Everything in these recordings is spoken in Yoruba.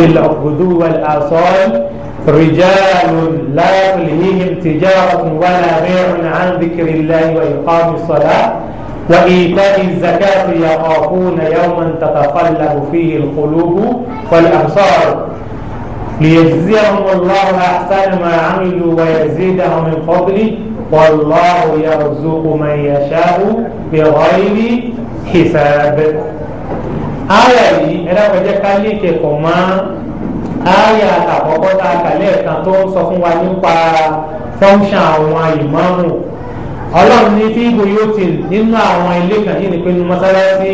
الغدو والآصال رجال لا تلهيهم تجارة ولا بيع عن ذكر الله وإقام الصلاة وإيتاء الزكاة يخافون يوما تتقلب فيه القلوب والأبصار ليجزيهم الله أحسن ما عملوا ويزيدهم من فضله والله يرزق من يشاء بغير حساب aya yìí ẹ dákọ̀ jẹ́ ká lè kẹ̀kọ̀ mọ́ àyà àtàkọ́kọ́ tá a kà lẹ́ẹ̀kan tó ń sọ fún wa nípa fọ́nṣàn àwọn ìmáàmù ọlọ́run ní fi yóò tì nínú àwọn ilé kan yìí ni pé nínú mọ́sálásí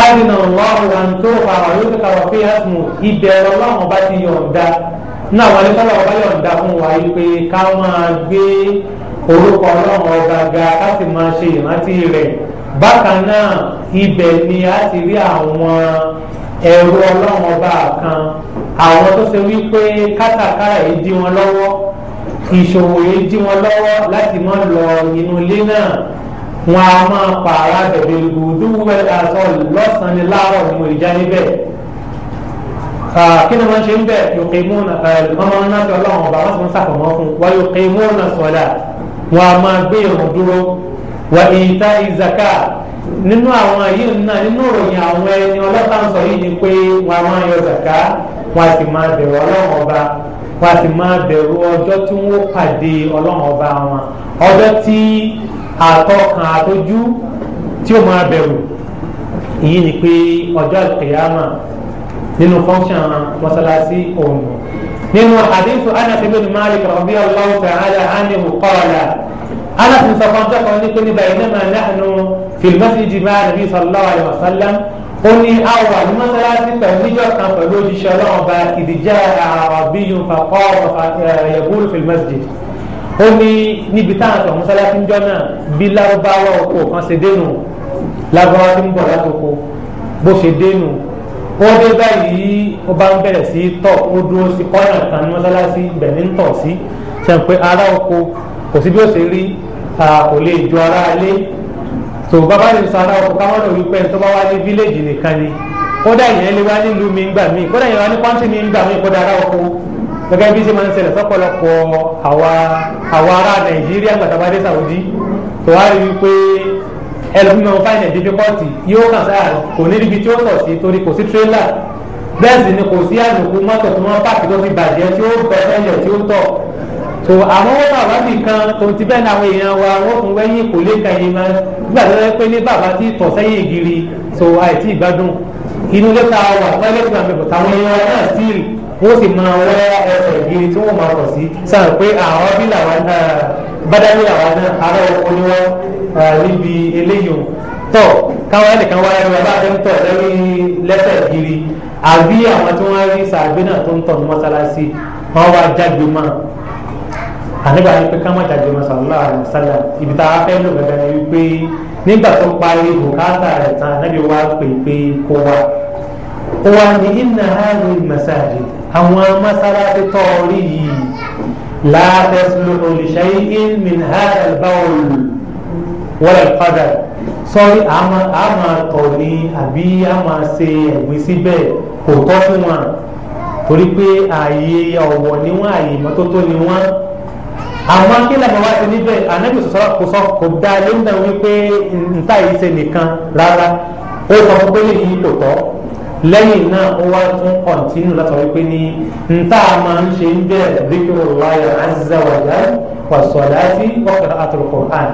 àdínà ọlọ́run wa tó fara yóò tẹ̀ka wà ọlọ́run ọba ti yọ̀ǹda nínú àwọn ilé ọba yọ̀ǹda fún wa yìí pé ká máa gbé orúkọ ọlọ́run ọba ga ká sì máa ṣe ìrántí bákan náà ibẹ̀ ni a ti rí àwọn ẹ̀rọ ọlọ́run ọba kan àwọn tó ṣe wípé kátàkárà yìí dí wọn lọ́wọ́ ìṣòwò yìí dí wọn lọ́wọ́ láti má lọ inú ilé náà wọn a máa pààrà bẹ̀bẹ̀ gbòdúwú bẹ́ẹ̀ aṣọ lọ́sàn-án ni láàárọ̀ ni mo lè já níbẹ̀ kí ni wọ́n ṣe ń bẹ̀ yuqimuna ọmọ náà ti ọlọ́run ọba wọ́n ti ń sàkọ̀mọ́ fún wa yuqimuna sọ̀dà wọn a máa gbé ìrùn dúró wà ìta ìzàká nínú àwọn yìí náà nínú ìròyìn àwọn ẹni ọlọ́tàǹsọ yìí ni pé wọn a máa yọ zàká wọn a sì máa bẹ̀rù ọlọ́run ọba wọn a sì máa bẹ̀rù ọjọ́ tí wọ́n pàdé ọlọ́run ọba wọn ọjọ́ tí àtọkàn àtọjú tí ó máa bẹ̀rù ìyí ni pé ọjọ́ àkèyàmà nínú fọ́nṣàn mọ́sálásí ọ̀hún nínú hadithu Anas ibn Malik radiyallahu ta'ala anhu aláàfin sọkànjọ́ kan ní pé níbà yìí náà nahnu fil masjidi ma'a nabi sallallahu alaihi wasallam ó ní àwọn àlùmọ́sálásí pẹ̀lú níjọ́ kan pẹ̀lú òjíṣẹ́ ọlọ́run ba ìdíjà àrọ̀bíyun fàkọ́ yaqulu fil masjid ó ní níbi táwọn àtọ̀ mọ́sálásí ń jọ́ náà bí lárúbáwá oko kan ṣe dénú lárúbáwá ti ń bọ̀ látoko bó ṣe dénú ó dé báyìí ó bá ń bẹ̀rẹ̀ sí tọ̀ ó dúró sí kọ́nà kan ní mọ́sálásí ibẹ̀ ní tọ̀ sí ṣe ń pe ará oko kò sí bí ó ṣe rí kò lè ju ara ilé tó bàbá yìí sara ọkọ káwọn náà wípé tó bá wá ní fíléèjì nìkan ni kódà ìyẹn lè wá nílùú mi gbà mí kódà ìyẹn wá ní pọ́ńtì mi gbà mí kódà ara ọkọ gẹ́gẹ́ bí ṣe máa ń ṣẹlẹ̀ sọ́pọ̀lọpọ̀ àwa àwa ará nàìjíríà gbàtàbádé sàwùjí tó wá rí wípé ẹlòmíì máa ń fáyìn ẹ̀ dífíkọ́tì yóò kàn sáà kò ní ibi tí ó sọ̀ sí torí kò sí tírélà bẹ́ẹ̀ sì ni kò sí àlòkù mọ́tò tó máa pààkì tó fi bàjẹ́ tí ó bẹ́ ẹ̀yẹ̀ tí ó tọ̀ so àwọn owó bàbá nìkan tó ti bẹ́ẹ̀ ní àwọn èèyàn wa wọ́n fún wẹ́yìn kò lè kàn yín mọ́ nígbà tó yẹ pé ní bàbá ti tọ̀ sẹ́yìn ìgiri so àìtí ìgbádùn inú lẹ́ta wà pẹ́lẹ́gbọ̀n àbẹ̀bọ̀ táwọn èèyàn náà sí rì wọ́n sì máa wẹ́ ẹsẹ̀ ìgiri tí wọ́n máa pọ̀ sí sáà pé àwọn bí làwọn náà bádàmí làwọn náà ará oko ni wọ́n níbi eléyìí tọ̀ káwọn ẹnìkan wáyé wọn bá fẹ́ ń tọ̀ lórí lẹ́sẹ̀ ìgiri àbí àwọn tí wọ́n rí sàgbé náà àníbà yìí pé ká má jáde mọ́ sallallahu alaihi wasallam ibi tá a fẹ́ lò gẹ́gẹ́ ni wípé nígbà tó parí bùkátà rẹ̀ tán ànábì wá pè pé kó wá ó wá ní inna hadhihi masajid àwọn mọ́sálásí tó rí yìí la tasluhu li shay'in min hadha al-bawl wal qadar sọ́rí àmà àmà tọ̀ ni àbí àmà ṣe ẹ̀gbin síbẹ̀ kò tọ́ fún wọn torí pé ààyè ọ̀wọ̀ ni wọ́n ààyè mọ́tótó ni wọ́n àwọn akílẹ̀mọ̀ wá sí níbẹ̀ ànábì sọ̀sọ́ kò sọ kò dá ilé ń dàn wípé nta yìí ṣe nìkan rárá ó sọ fún pé lèyí kò tọ́ lẹ́yìn náà ó wá tún kọ̀ǹtínú láti sọ wípé ní nta máa ń ṣe ń bẹ̀rẹ̀ dhikrullahi azza wa jalla wa salati wa qira'atul Qur'an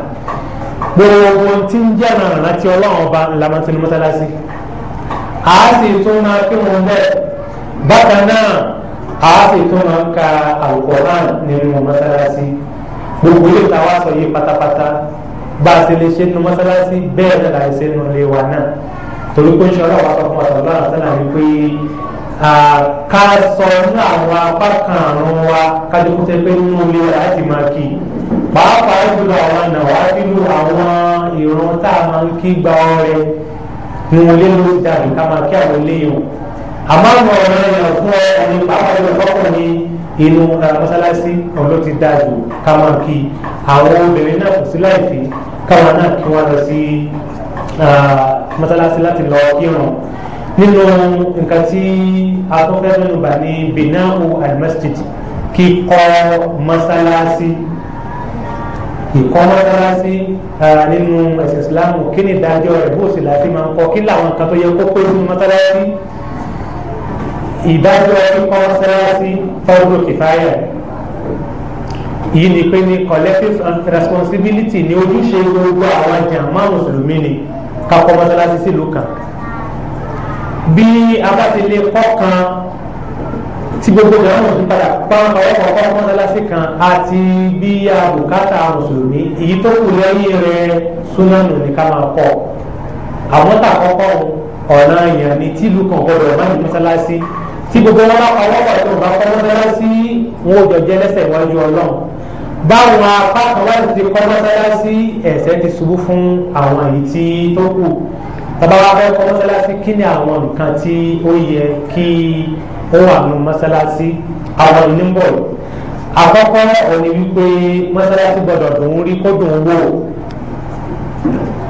gbogbo tí ń jẹ́ ọ̀nà àti ọlọ́run ọba ńlá máa ń sinú mọ́tálásí a sì tún máa kí wọn bẹ́ẹ̀ bákan náà a sì tún máa ń ka Al-Qur'an nínú mọ́tálásí gbogbo ilé ta wá sọ yìí pátápátá bá a ṣe lè ṣe nu mọ́sálásí bẹ́ẹ̀ náà láì nu ilé wa náà torí pé ìṣọ́ra wa sọ fún ọ̀sán lọ́nà sọ́nà wípé ká sọ ní àwọn apá kan àrùn wa kájú kó tẹ́ pé nínú ilé wa láti máa kí pàápàá jùlọ àwọn ọ̀nà wa nínú àwọn ìrun tá a máa ń kí gba ọrẹ nínú ilé ló ti dàbí ká máa kí àwọn ilé yìí àmọ́ àwọn ọ̀rẹ́ yẹn fún ọ ẹni pàápàá jùlọ fọ́kùnrin inú mọ́sálásí ọ̀dọ́ ti dáa jù káwọn kí àwọn obìnrin náà kò sí láìpẹ́ káwọn náà kí wọ́n lọ sí mọ́sálásí láti lọ kírun nínú nǹkan tí a tó fẹ́ mẹ́nu bà ní binahu almasjid kíkọ́ mọ́sálásí ìkọ́ mọ́sálásí nínú ẹ̀sìn Islam kí ni ìdájọ́ rẹ̀ bó sì láti máa ń kọ́ kí làwọn kan tó yẹ kó pé nínú mọ́sálásí ìdájọ́ kíkọ́ mọ́sálásí fọ́ọ̀dù kìfáyà yìí ni pé ní collective responsibility ni ojúṣe gbogbo àwọn jàmá mùsùlùmí ni ká kọ́ mọ́sálásí sílùú kan bí a bá ti lè kọ́ kan tí gbogbo jàmá mùsùlùmí padà pọ́n ọ̀rọ̀ kọ́ mọ́sálásí kan àti bí àbùkátà mùsùlùmí èyí tó kù lẹ́yìn rẹ̀ súnánù ni ká máa kọ́ àwọn tàkọ́kọ́ ọ̀nà ìyànní tìlú kan gbọ́dọ̀ máa ní mọ́sálásí tí gbogbo wọn ọwọ́ pàtó ìgbà kọ́mọ́sálásí wọn ò jọ jẹ́ lẹ́sẹ̀ iwájú ọlọ́run báwọn apá kan wá ti kọ́mọ́sálásí ẹ̀sẹ̀ ti ṣubú fún àwọn èyí tí tó kù tàbá wa fẹ́ kọ́mọ́sálásí kí ni àwọn nǹkan tí ó yẹ kí ó wà nù mọ́sálásí àwọn ìní ń bọ̀ àkọ́kọ́ òní wípé mọ́sálásí gbọ́dọ̀ dùn ún rí kó dùn ún wò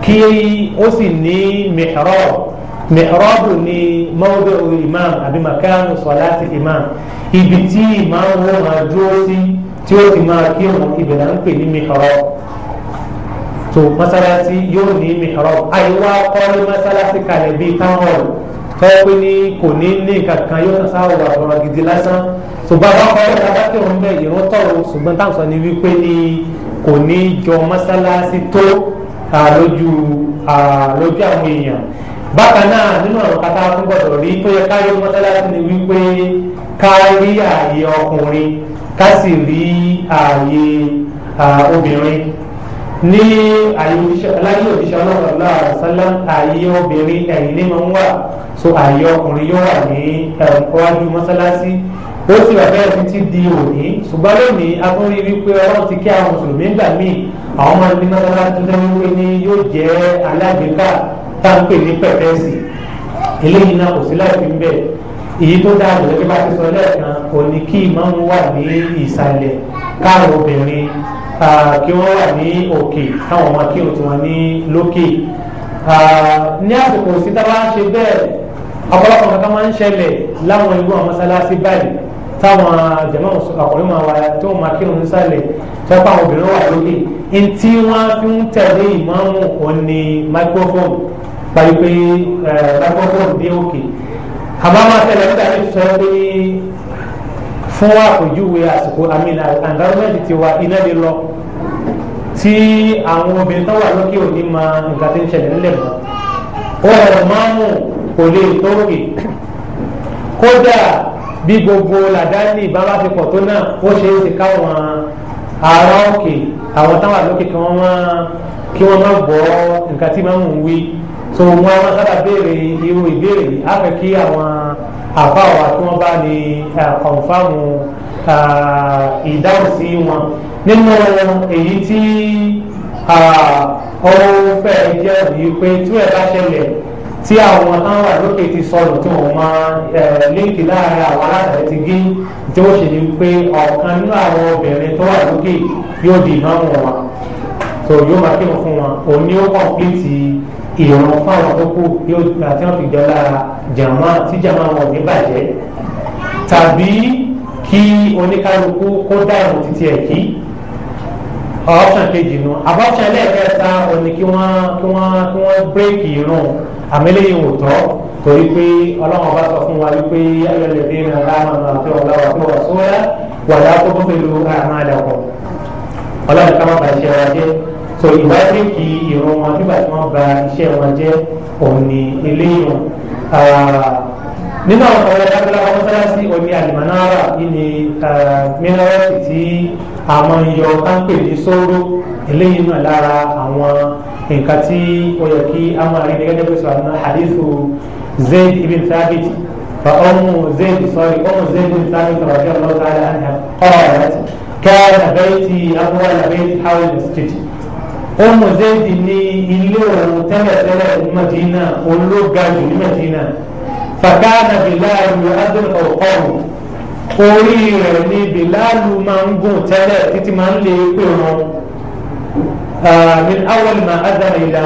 kí ó sì ní mihrab mẹ́rọ́dù ni mawdu'u imam àbí makanu salati imam ibi tí imam wo máa dúró sí tí ó ti máa kírun ibẹ̀ là ń pè ní mihrab tó masalasi yóò ní mihrab àyíwá kọ́lé masalasi kalẹ̀ bíi táwọn tọ́wọ́ pé ní kò ní ní kankan yóò náà sáwọ́ àbọ̀rọ̀ gidi lásán tó bàbá kọ́lé bàbá kírun bẹ́ẹ̀ ìrún tọ̀rọ̀ ṣùgbọ́n táwọn sọ ni wípé ní kò ní jọ masalasi tó lójú àwọn èèyàn bákan náà nínú àwọn kata fún gbọ́dọ̀ rí tó yẹ káyọ mọ́sálásí ni wípé ká rí ààyè ọkùnrin ká sì rí ààyè obìnrin ní ààyè òṣìṣẹ́ aláyé òṣìṣẹ́ ọlọ́run náà sálá ààyè obìnrin ẹ̀yìn ní máa ń wà so ààyè ọkùnrin yóò wà ní iwájú mọ́sálásí ó sì wà bẹ́ẹ̀ títí di òní ṣùgbọ́n lónìí a tún rí wípé ọlọ́run ti kí àwọn mùsùlùmí gbà míì àwọn ọmọ ẹni mọ́sálásí tó dẹ́ wípé ní yóò jẹ́ alágbèéká táǹpẹ̀ ní pẹ̀fẹ́sì eléyìí náà kò sí láìpẹ́ ń bẹ̀ èyí tó dáa jùlọ bí bá ti sọ lẹ́ẹ̀kan kò ní kí ìmáàmù wà ní ìsàlẹ̀ káàrọ̀ obìnrin kí wọ́n wà ní òkè káwọn ọmọ kí òtún wọn ní lókè ní àsìkò síta bá ń ṣe bẹ́ẹ̀ ọ̀pọ̀lọpọ̀ nǹkan máa ń ṣẹlẹ̀ láwọn irú àwọn mọ́sálásí báyìí táwọn jẹ̀mọ́ àkọ́rẹ́ máa wà tó máa kírun nísàlẹ̀ tó pa àwọn obìnrin wà lókè ntí wọ́n fi ń tẹ̀lé ìmáàmù báyìí pé ẹ lágbọ́dọ̀ dé òkè àbámọ̀ tẹ̀lé nígbà tí sọ pé fún àpèjúwe àsìkò àmìn àǹgáwọ́mẹ́ntì ti wa iná lè lọ tí àwọn obìnrin tó wà lókè òní ma nǹkan tí ń ṣẹlẹ̀ nílẹ̀ mọ́ ọ̀rọ̀ máàmù kò lè tóòkè kódà bí gbogbo làdáni bàbá ti pọ̀ tó náà ó ṣe é ṣe káwọn ará òkè àwọn táwọn àlókè kí wọ́n má bọ́ so wọn a máa sábà béèrè irú ìbéèrè yìí á fẹ́ kí àwọn àfáà wa tí wọ́n bá lè kọ̀ǹfàmù ìdáhùn sí wọn nínú èyí tí ó fẹ́ jẹ́ yìí pé tí ẹ̀ bá ṣẹlẹ̀ tí àwọn táwọn àlókè ti sọnù tí wọ́n máa líǹkì láàrin àwọn alátàrí ti gé tí ó ṣe ni pé ọ̀kan nínú àwọn obìnrin tó wà lókè yóò di ìnáwó wọn so yóò máa kírun fún wọn òun ni ó kọ̀ǹpìtì ìrọ̀rùn fáwọn tó kù yóò gbà tí wọ́n fi dọ́là jàmá tí jàmá wọn ò ní bàjẹ́ tàbí kí oníkálukú kó dá ìrùn títí ẹ̀ kí option kejì nu abọ́ṣẹ́ lẹ́ẹ̀kẹta òní kí wọ́n kí wọ́n kí wọ́n bírèkì irun àmẹ́lẹ́yìn ò tọ́ torí pé ọlọ́run bá sọ fún wa wípé ayọ̀lẹ̀ bí iná láàmú àti ọ̀làwà tó wà sóyá wà láàkó tó fẹ́ lu àmàlà kan ọlọ́run ká má bàa ara jẹ́ so ìbáṣekì ìrun wọn nígbà tí wọ́n bà iṣẹ́ wọn jẹ́ òní eléyìí nínú àwọn ọ̀rẹ́ dábìlá wọn mọ́sálásí òní àlìmánára nínú mìíràn tí àwọn iyọ̀ táǹpẹ̀ ní sóró eléyìí náà lára àwọn nǹkan tí ó yẹ kí àwọn àrídẹ́ gẹ́gẹ́ bí sọ̀rọ̀ náà hadithu zayd ibn thabit فأم زيد صاري أم زيد بن ثابت رضي الله تعالى عنها قالت كان بيتي أول بيت حول المسجد ọmọ zayidi ní ilé òun tẹ́lẹ̀tẹ́lẹ̀ ní madina olóògájú ní madina fàkànà bilalu adúlọ ọrùn orí rẹ̀ ní bilalu máa ń gùn tẹ́lẹ̀ títí máa ń lè pè wọn min awal ma adara ila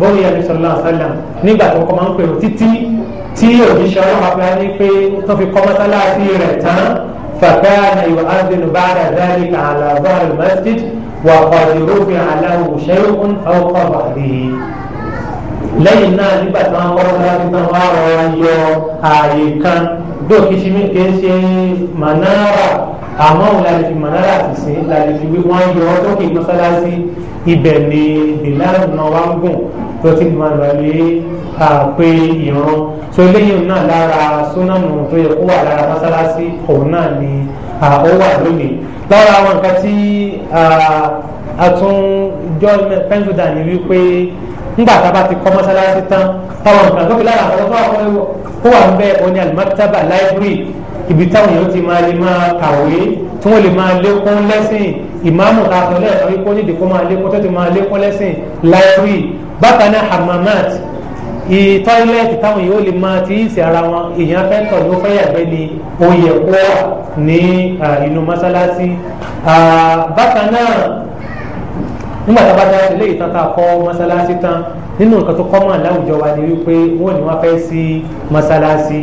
bóyá bisalòlá sálàm nígbà tó kọ́ máa ń pè wọn títí tí òjíṣẹ́ ọlọ́pàá fún ní pé tó fi kọ́ mọ́sálásí rẹ̀ tán fàkànà ìwà وقد رفع له شيء فوق ظهره lẹ́yìn náà nígbà tí wọ́n kọ́ láti tán wá rọra yọ ààyè kan bí òkìṣí mi kì í ṣe manara àmọ́ òun láti fi manara sì sí láti fi wípé wọ́n yọ lókè mọ́sálásí ibẹ̀ ni bìláàrù náà tó ti máa lọ lé ìran tó lẹ́yìn náà lára súnánù tó yẹ kó wà lára mọ́sálásí òun náà ni ó wà lónìí lára àwọn nǹkan tí àtúnjọ pẹ́ńdùdà ni wípé ńgbà tá a bá ti kọ́ mọ́sálásí tán táwọn nǹkan tó fi lára àwọn tó àwọn kó wà ń bẹ òní alimakitaba library ibi táwọn èèyàn ti máa lè máa kàwé tí wọ́n lè máa lékún lẹ́sìn ìmáàmù tá a sọ lẹ́ẹ̀kan wípé ó nídìí kó máa lékún tó ti máa lékún lẹ́sìn library bákan náà hamamat tọ́ílẹ̀tì táwọn yóò lè máa ti ṣe ara wọn èèyàn fẹ́ tọ̀ ló fẹ́ yàgbẹ́ ni oyè pọ̀ ní inú mọ́sálásí bákan náà nígbà tá a bá dá ilé ìtàn tá a kọ́ mọ́sálásí tán nínú nǹkan tó kọ́mọ̀ láwùjọ wa ni wípé wọ́n ní wọ́n fẹ́ sí mọ́sálásí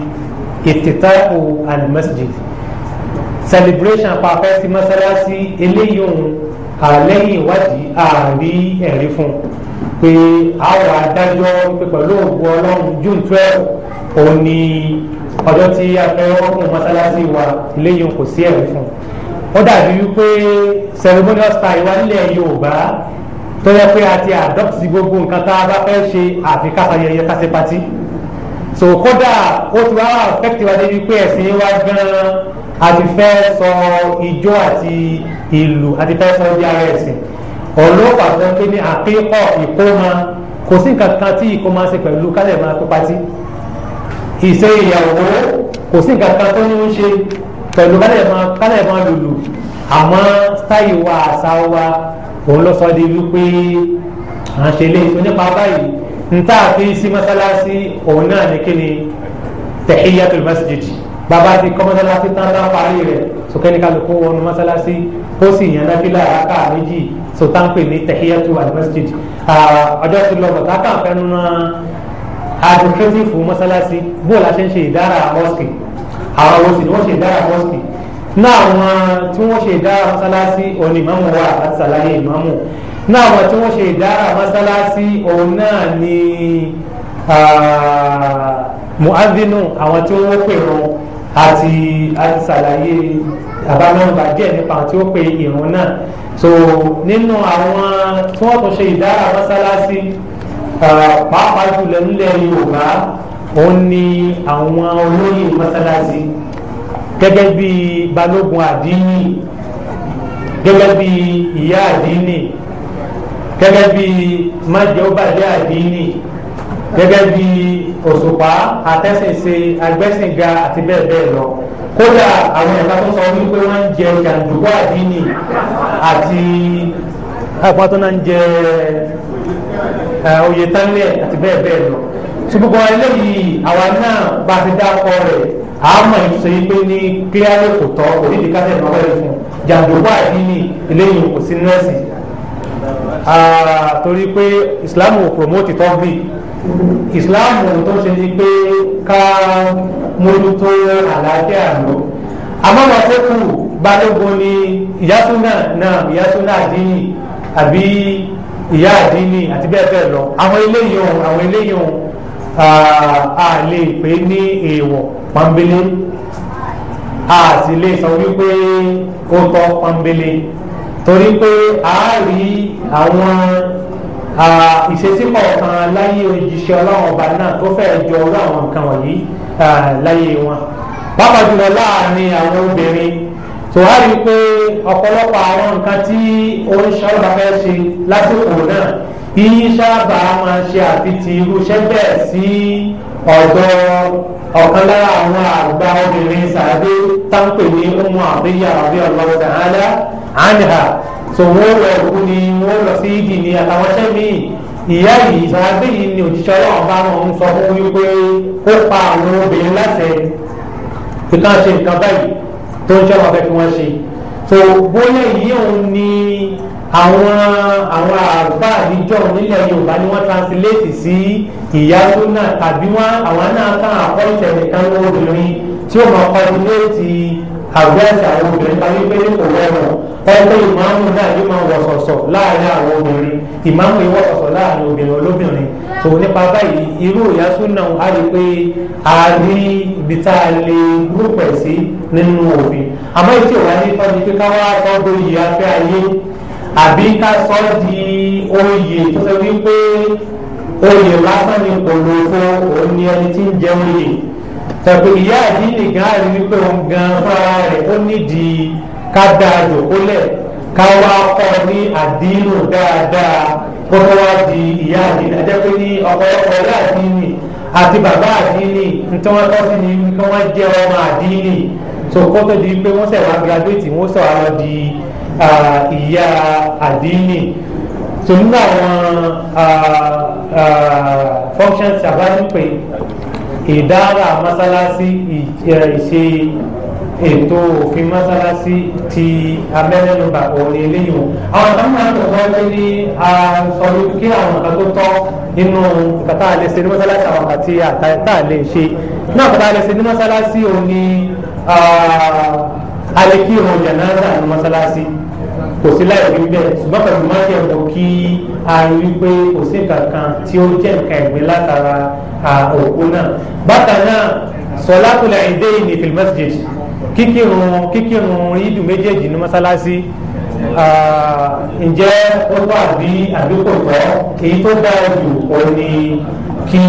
ìtìtàkù al-masjid celebration pa fẹ́ sí mọ́sálásí eléyìí òun àlẹ́yìn ìwádìí àárí ẹ̀rí fún un pé àwọn adájọ́ pé pẹ̀lú òògùn ọlọ́run june twelve òun ni ọjọ́ tí a fẹ́ ọkùn mọ́sálásí wa eléyìí kò sí ẹ̀rí fún ó dàbí wípé ceremonial style wa nílẹ̀ yorùbá tó yẹ pé a ti adopt gbogbo nǹkan tá a bá fẹ́ ṣe àfi ká ayẹyẹ ká ṣe patí so kódà ó ti wá affect wa débi pé ẹ̀sìn wa gan-an a ti fẹ́ sọ ijó àti ìlú a ti fẹ́ sọ bí ara ẹ̀sìn ọlọ́pàá tó ń pè ní àkíkọ́ ìkómọ kò sí nǹkan kan tí ìkómọ ṣe pẹ̀lú kálẹ̀ máa tó patí ìṣe ìyàwó kò sí nǹkan kan tó ní ń ṣe pẹ̀lú kálẹ̀ máa kálẹ̀ máa lùlù àmọ́ sítáì wa àṣà wa òun ló sọ di wípé à ń ṣe léyìí tó nípa báyìí nta àfi sí mọ́sálásí òun náà ní kíni tahiyatul masjid bàbá ti kọ́ mọ́sálásí tán tán parí rẹ̀ sọkẹ́ni kálukú wọnú mọ́sálásí ó sì yan náfìlà rákà méjì sọtáǹpẹ̀ ni tahiyatu al-masjid ọjọ́ ti lọ bọ̀tá kàn fẹ́ nínú administrative mọ́sálásí bóòlù àṣẹ ń ṣe ìdára mọ́sìkì àwọn wo sì ni wọ́n ṣe ìdára mọ́sìkì náà wọn tí wọ́n ṣe ìdára mọ́sálásí òní ìmáàmù wa àti sàlàyé ìmáàmù náà wọn tí wọ́n ṣe ìdára mọ́sálásí òun náà ni muadinu àwọn tí wọ́n pè wọn àti àti ṣàlàyé àbámẹ́wọ̀nba díẹ̀ nípa tí ó pe ìrun náà so nínú àwọn tí wọ́n tún ṣe ìdára mọ́sálásí pàápàá jùlọ nílẹ̀ Yorùbá òun ni àwọn olóyè mọ́sálásí gẹ́gẹ́ bí balógun àdínì gẹ́gẹ́ bí ìyá àdínì gẹ́gẹ́ bí májẹ́wọ́bàdé àdínì gẹ́gẹ́ bí òṣùpá àtẹ́sìnṣe agbẹ́sìnga àti bẹ́ẹ̀ bẹ́ẹ̀ lọ kódà àwọn ẹ̀ka tó sọ wípé wọ́n ń jẹ jàǹdùkú àdínì àti ẹ̀pọ̀ tó náà ń jẹ oyè tánlẹ̀ àti bẹ́ẹ̀ bẹ́ẹ̀ lọ ṣùgbọ́n eléyìí àwa náà bá ti dákọ rẹ̀ àmọ́ ìṣe pé ní kíláàlì kò tọ́ onídìí kásẹ̀ ìmọ̀lẹ́ fún jàǹdùkú àdínì eléyìí kò sí nọ́ọ̀sì Ah, torí pé islam ò promote tọ́gbìn islam tó ṣe ni pé ká mójútó àlàáfíà lọ àmọ́ wọn tó kù balógun ni ìyásúná náà ìyásúná àdínì àbí ìyá àdínì àti bẹ́ẹ̀ bẹ́ẹ̀ lọ àwọn eléyìí ohun àwọn eléyìí ohun ah, a lè pè ní èèwọ̀ pọ́nbélé a sì lè sọ wípé ó tọ́ pọ́nbélé torí pé a rí àwọn ìṣesí kọ̀ọ̀kan láyé òjíṣẹ́ ọlọ́run ọba náà tó fẹ́ẹ́ jọ ọlọ́ àwọn nǹkan wọ̀nyí láyé wọn pàápàá jùlọ láàrin àwọn obìnrin tó wá rí i pé ọ̀pọ̀lọpọ̀ àwọn nǹkan tí oníṣẹ́ ọlọ́ba fẹ́ ṣe lásìkò náà yìí sábà máa ṣe àfitì irú iṣẹ́ bẹ́ẹ̀ sí ọ̀dọ̀ ọ̀kan lára àwọn àgbà obìnrin sàdé táǹpẹ̀ ní ọmọ àbíyá àbí ọlọ́wọ́ sàhálà àníhà so wọ́n lọ òkú ni wọ́n lọ sí ìdì ni àtàwọn ṣẹ́ míì ìyá yìí sàgbé yìí ni òjíṣẹ́ ọlọ́run bá wọn ń sọ fún wípé ó pa àwọn obìnrin láṣẹ ìkan ṣe nǹkan báyìí tó ń ṣọwọ́ fẹ́ kí wọ́n ṣe so bóyá yìí òun ni àwọn àwọn àgbà àdìjọ nílẹ̀ Yorùbá ni wọ́n translate sí ìyá tó náà tàbí wọn àwọn náà kàn àkọ́ṣẹ́ nìkan lóbìnrin tí ó mọ̀ kọ́ọ̀dúnlẹ́ẹ̀tì àgbẹ̀ṣẹ̀ àwọn obìnrin kan wípé kò rẹwọ̀n ọ̀pọ̀ ìmáàmù náà yóò máa wọ̀sọ̀sọ̀ láàrin àwọn obìnrin ìmáàmù yóò wọ̀sọ̀sọ̀ láàrin obìnrin olóbìnrin tó nípa báyìí irú ìyá súnà á rí pé a rí ibi tá a lè rúpẹ̀ sí nínú òfin àmọ́ ètò ìwà ní ìfọ́n pé ká wá sọ oyè afẹ́ ayé àbí ká sọ di oyè tó sọ wípé oyè lásán ni kò lò fún òun ni ẹni tí ń jẹ oyè tàbí ìyá àdínì gan àrí wípé òun gan fúnra rẹ̀ ó nídìí ká dáa jòkólẹ̀ ká wá kọ́ ní àdínù dáadáa kókó wá di ìyá àdínì ajẹ́ pé ní ọ̀pọ̀lọpọ̀ ìyá àdínì àti bàbá àdínì nítorí wọn tọ́ sí ni kí wọ́n jẹ́ ọmọ so kó tó di pé wọ́n sẹ̀ wá gíráduwétì wọ́n sẹ̀ wá lọ di ìyá àdínì so nínú àwọn functions àbájú pé ìdára mọ́sálásí ìṣe ètò òfin mọ́sálásí ti abẹ́lẹ́nubà òní eléyìí àwọn kan máa ń tọ̀tọ̀ pé ní sọ̀rọ̀ kí àwọn kan tó tọ́ nínú nǹkan tá a lè ṣe ní mọ́sálásí àwọn kan tí tá a lè ṣe náà kan tá a lè ṣe ní mọ́sálásí òní alẹ́kí ìrun jánásà ní mọ́sálásí kò sí láì rí bẹ́ẹ̀ ṣùgbọ́n pẹ̀lú má jẹ́ mọ̀ kí a rí pé kò sí nǹkan kan tí ó jẹ́ nǹkan ẹ̀gbin látara òkú náà bákan náà sọ̀látùl ìdẹ́yìn ní fil masjid kíkírun kíkírun ìdù méjèèjì ní mọ́sálásí ǹjẹ́ ó tó àbí àdúgbò tọ́ èyí tó dáa jù ó ní kí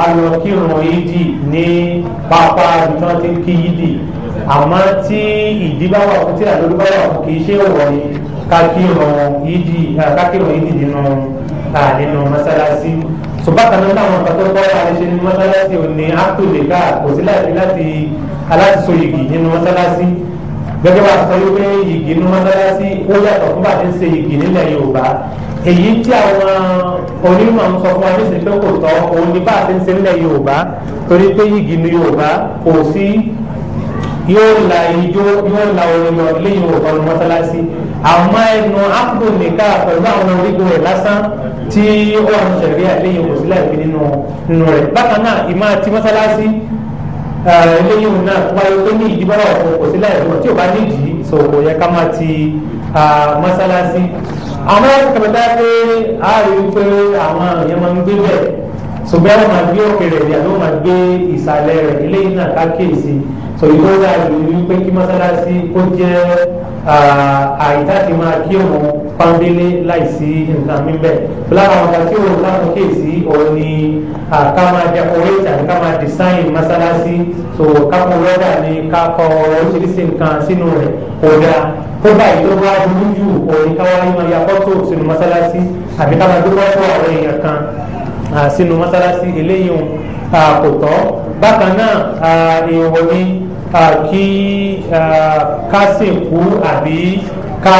a lọ kírun ìdì ní pápá ibi tí wọ́n ti ń kí ìdì àmọ́ tí ìdí bá wà fún tí àdúgbò bá wà fún kì í ṣe òwò ni ká kírun ìdì nínú mọ́sálásí sọ̀bákan náà táwọn kan tó kọ́ láti ṣe ní mọ́sálásí ò ní àtòlè ká kò sí láti láti aláṣiṣọ yìgì nínú mọ́sálásí gẹ́gẹ́ bá a sọ wípé yìgì nínú mọ́sálásí ó yàtọ̀ fún bàtí ń ṣe yìgì nílẹ̀ Yorùbá èyí tí àwọn onímọ̀ ń sọ fún wa nísìnyí pé kò tọ́ òun ní bá a ti ń ṣe nílẹ̀ Yorùbá torí pé yìgì ní Yorùbá kò sí yóò la ijó yóò la orin lọ lẹ́yìn òkàn mọ́sálásí àmọ́ ẹnu ápò nìka pẹ̀lú àwọn orígun rẹ̀ lásán tí ó wà ní sẹ̀ríà lẹ́yìn òsílẹ̀ ìfi nínú nínú rẹ̀ bákan náà ìmọ̀ àti mọ́sálásí lẹ́yìn òun náà wáyé tó ní ìdíbọ́lá ọ̀fọ̀ kò sílẹ̀ ìfọ̀ tí ò bá nídìí sòkò yẹ ká máa ti mọ́sálásí àwọn kàmẹ́tà pé a rí i pé àwọn èèyàn máa ń gbé bẹ́ẹ̀ ṣùgbọ́n àwọn máa gbé òkè rẹ̀ ni àwọn máa gbé ìsàlẹ̀ rẹ̀ sòyìnbó yà lù ní pé kí mọ́sálásí kó jẹ́ àyíká ti máa kí òun pọ́nbélé láìsí nǹkan mímbẹ́ lára àwọn ọ̀gá tí òun láwọn kéèsì òun ni ká máa decorate àti ká máa design mọ́sálásí so ká kó wẹ́dà ní ká kọ oríṣiríṣi nǹkan sínú rẹ̀ kó dáa kódà ìjọba burú jù òun ká wáyé máa ya fọ́tò sínú mọ́sálásí àbí ká máa dúpọ́ fún àwọn èèyàn kan sínú mọ́sálásí eléyìí kò tọ́ bákan náà èèwọ̀ ni. Ah, kí ah, ká sìnkú àbí ká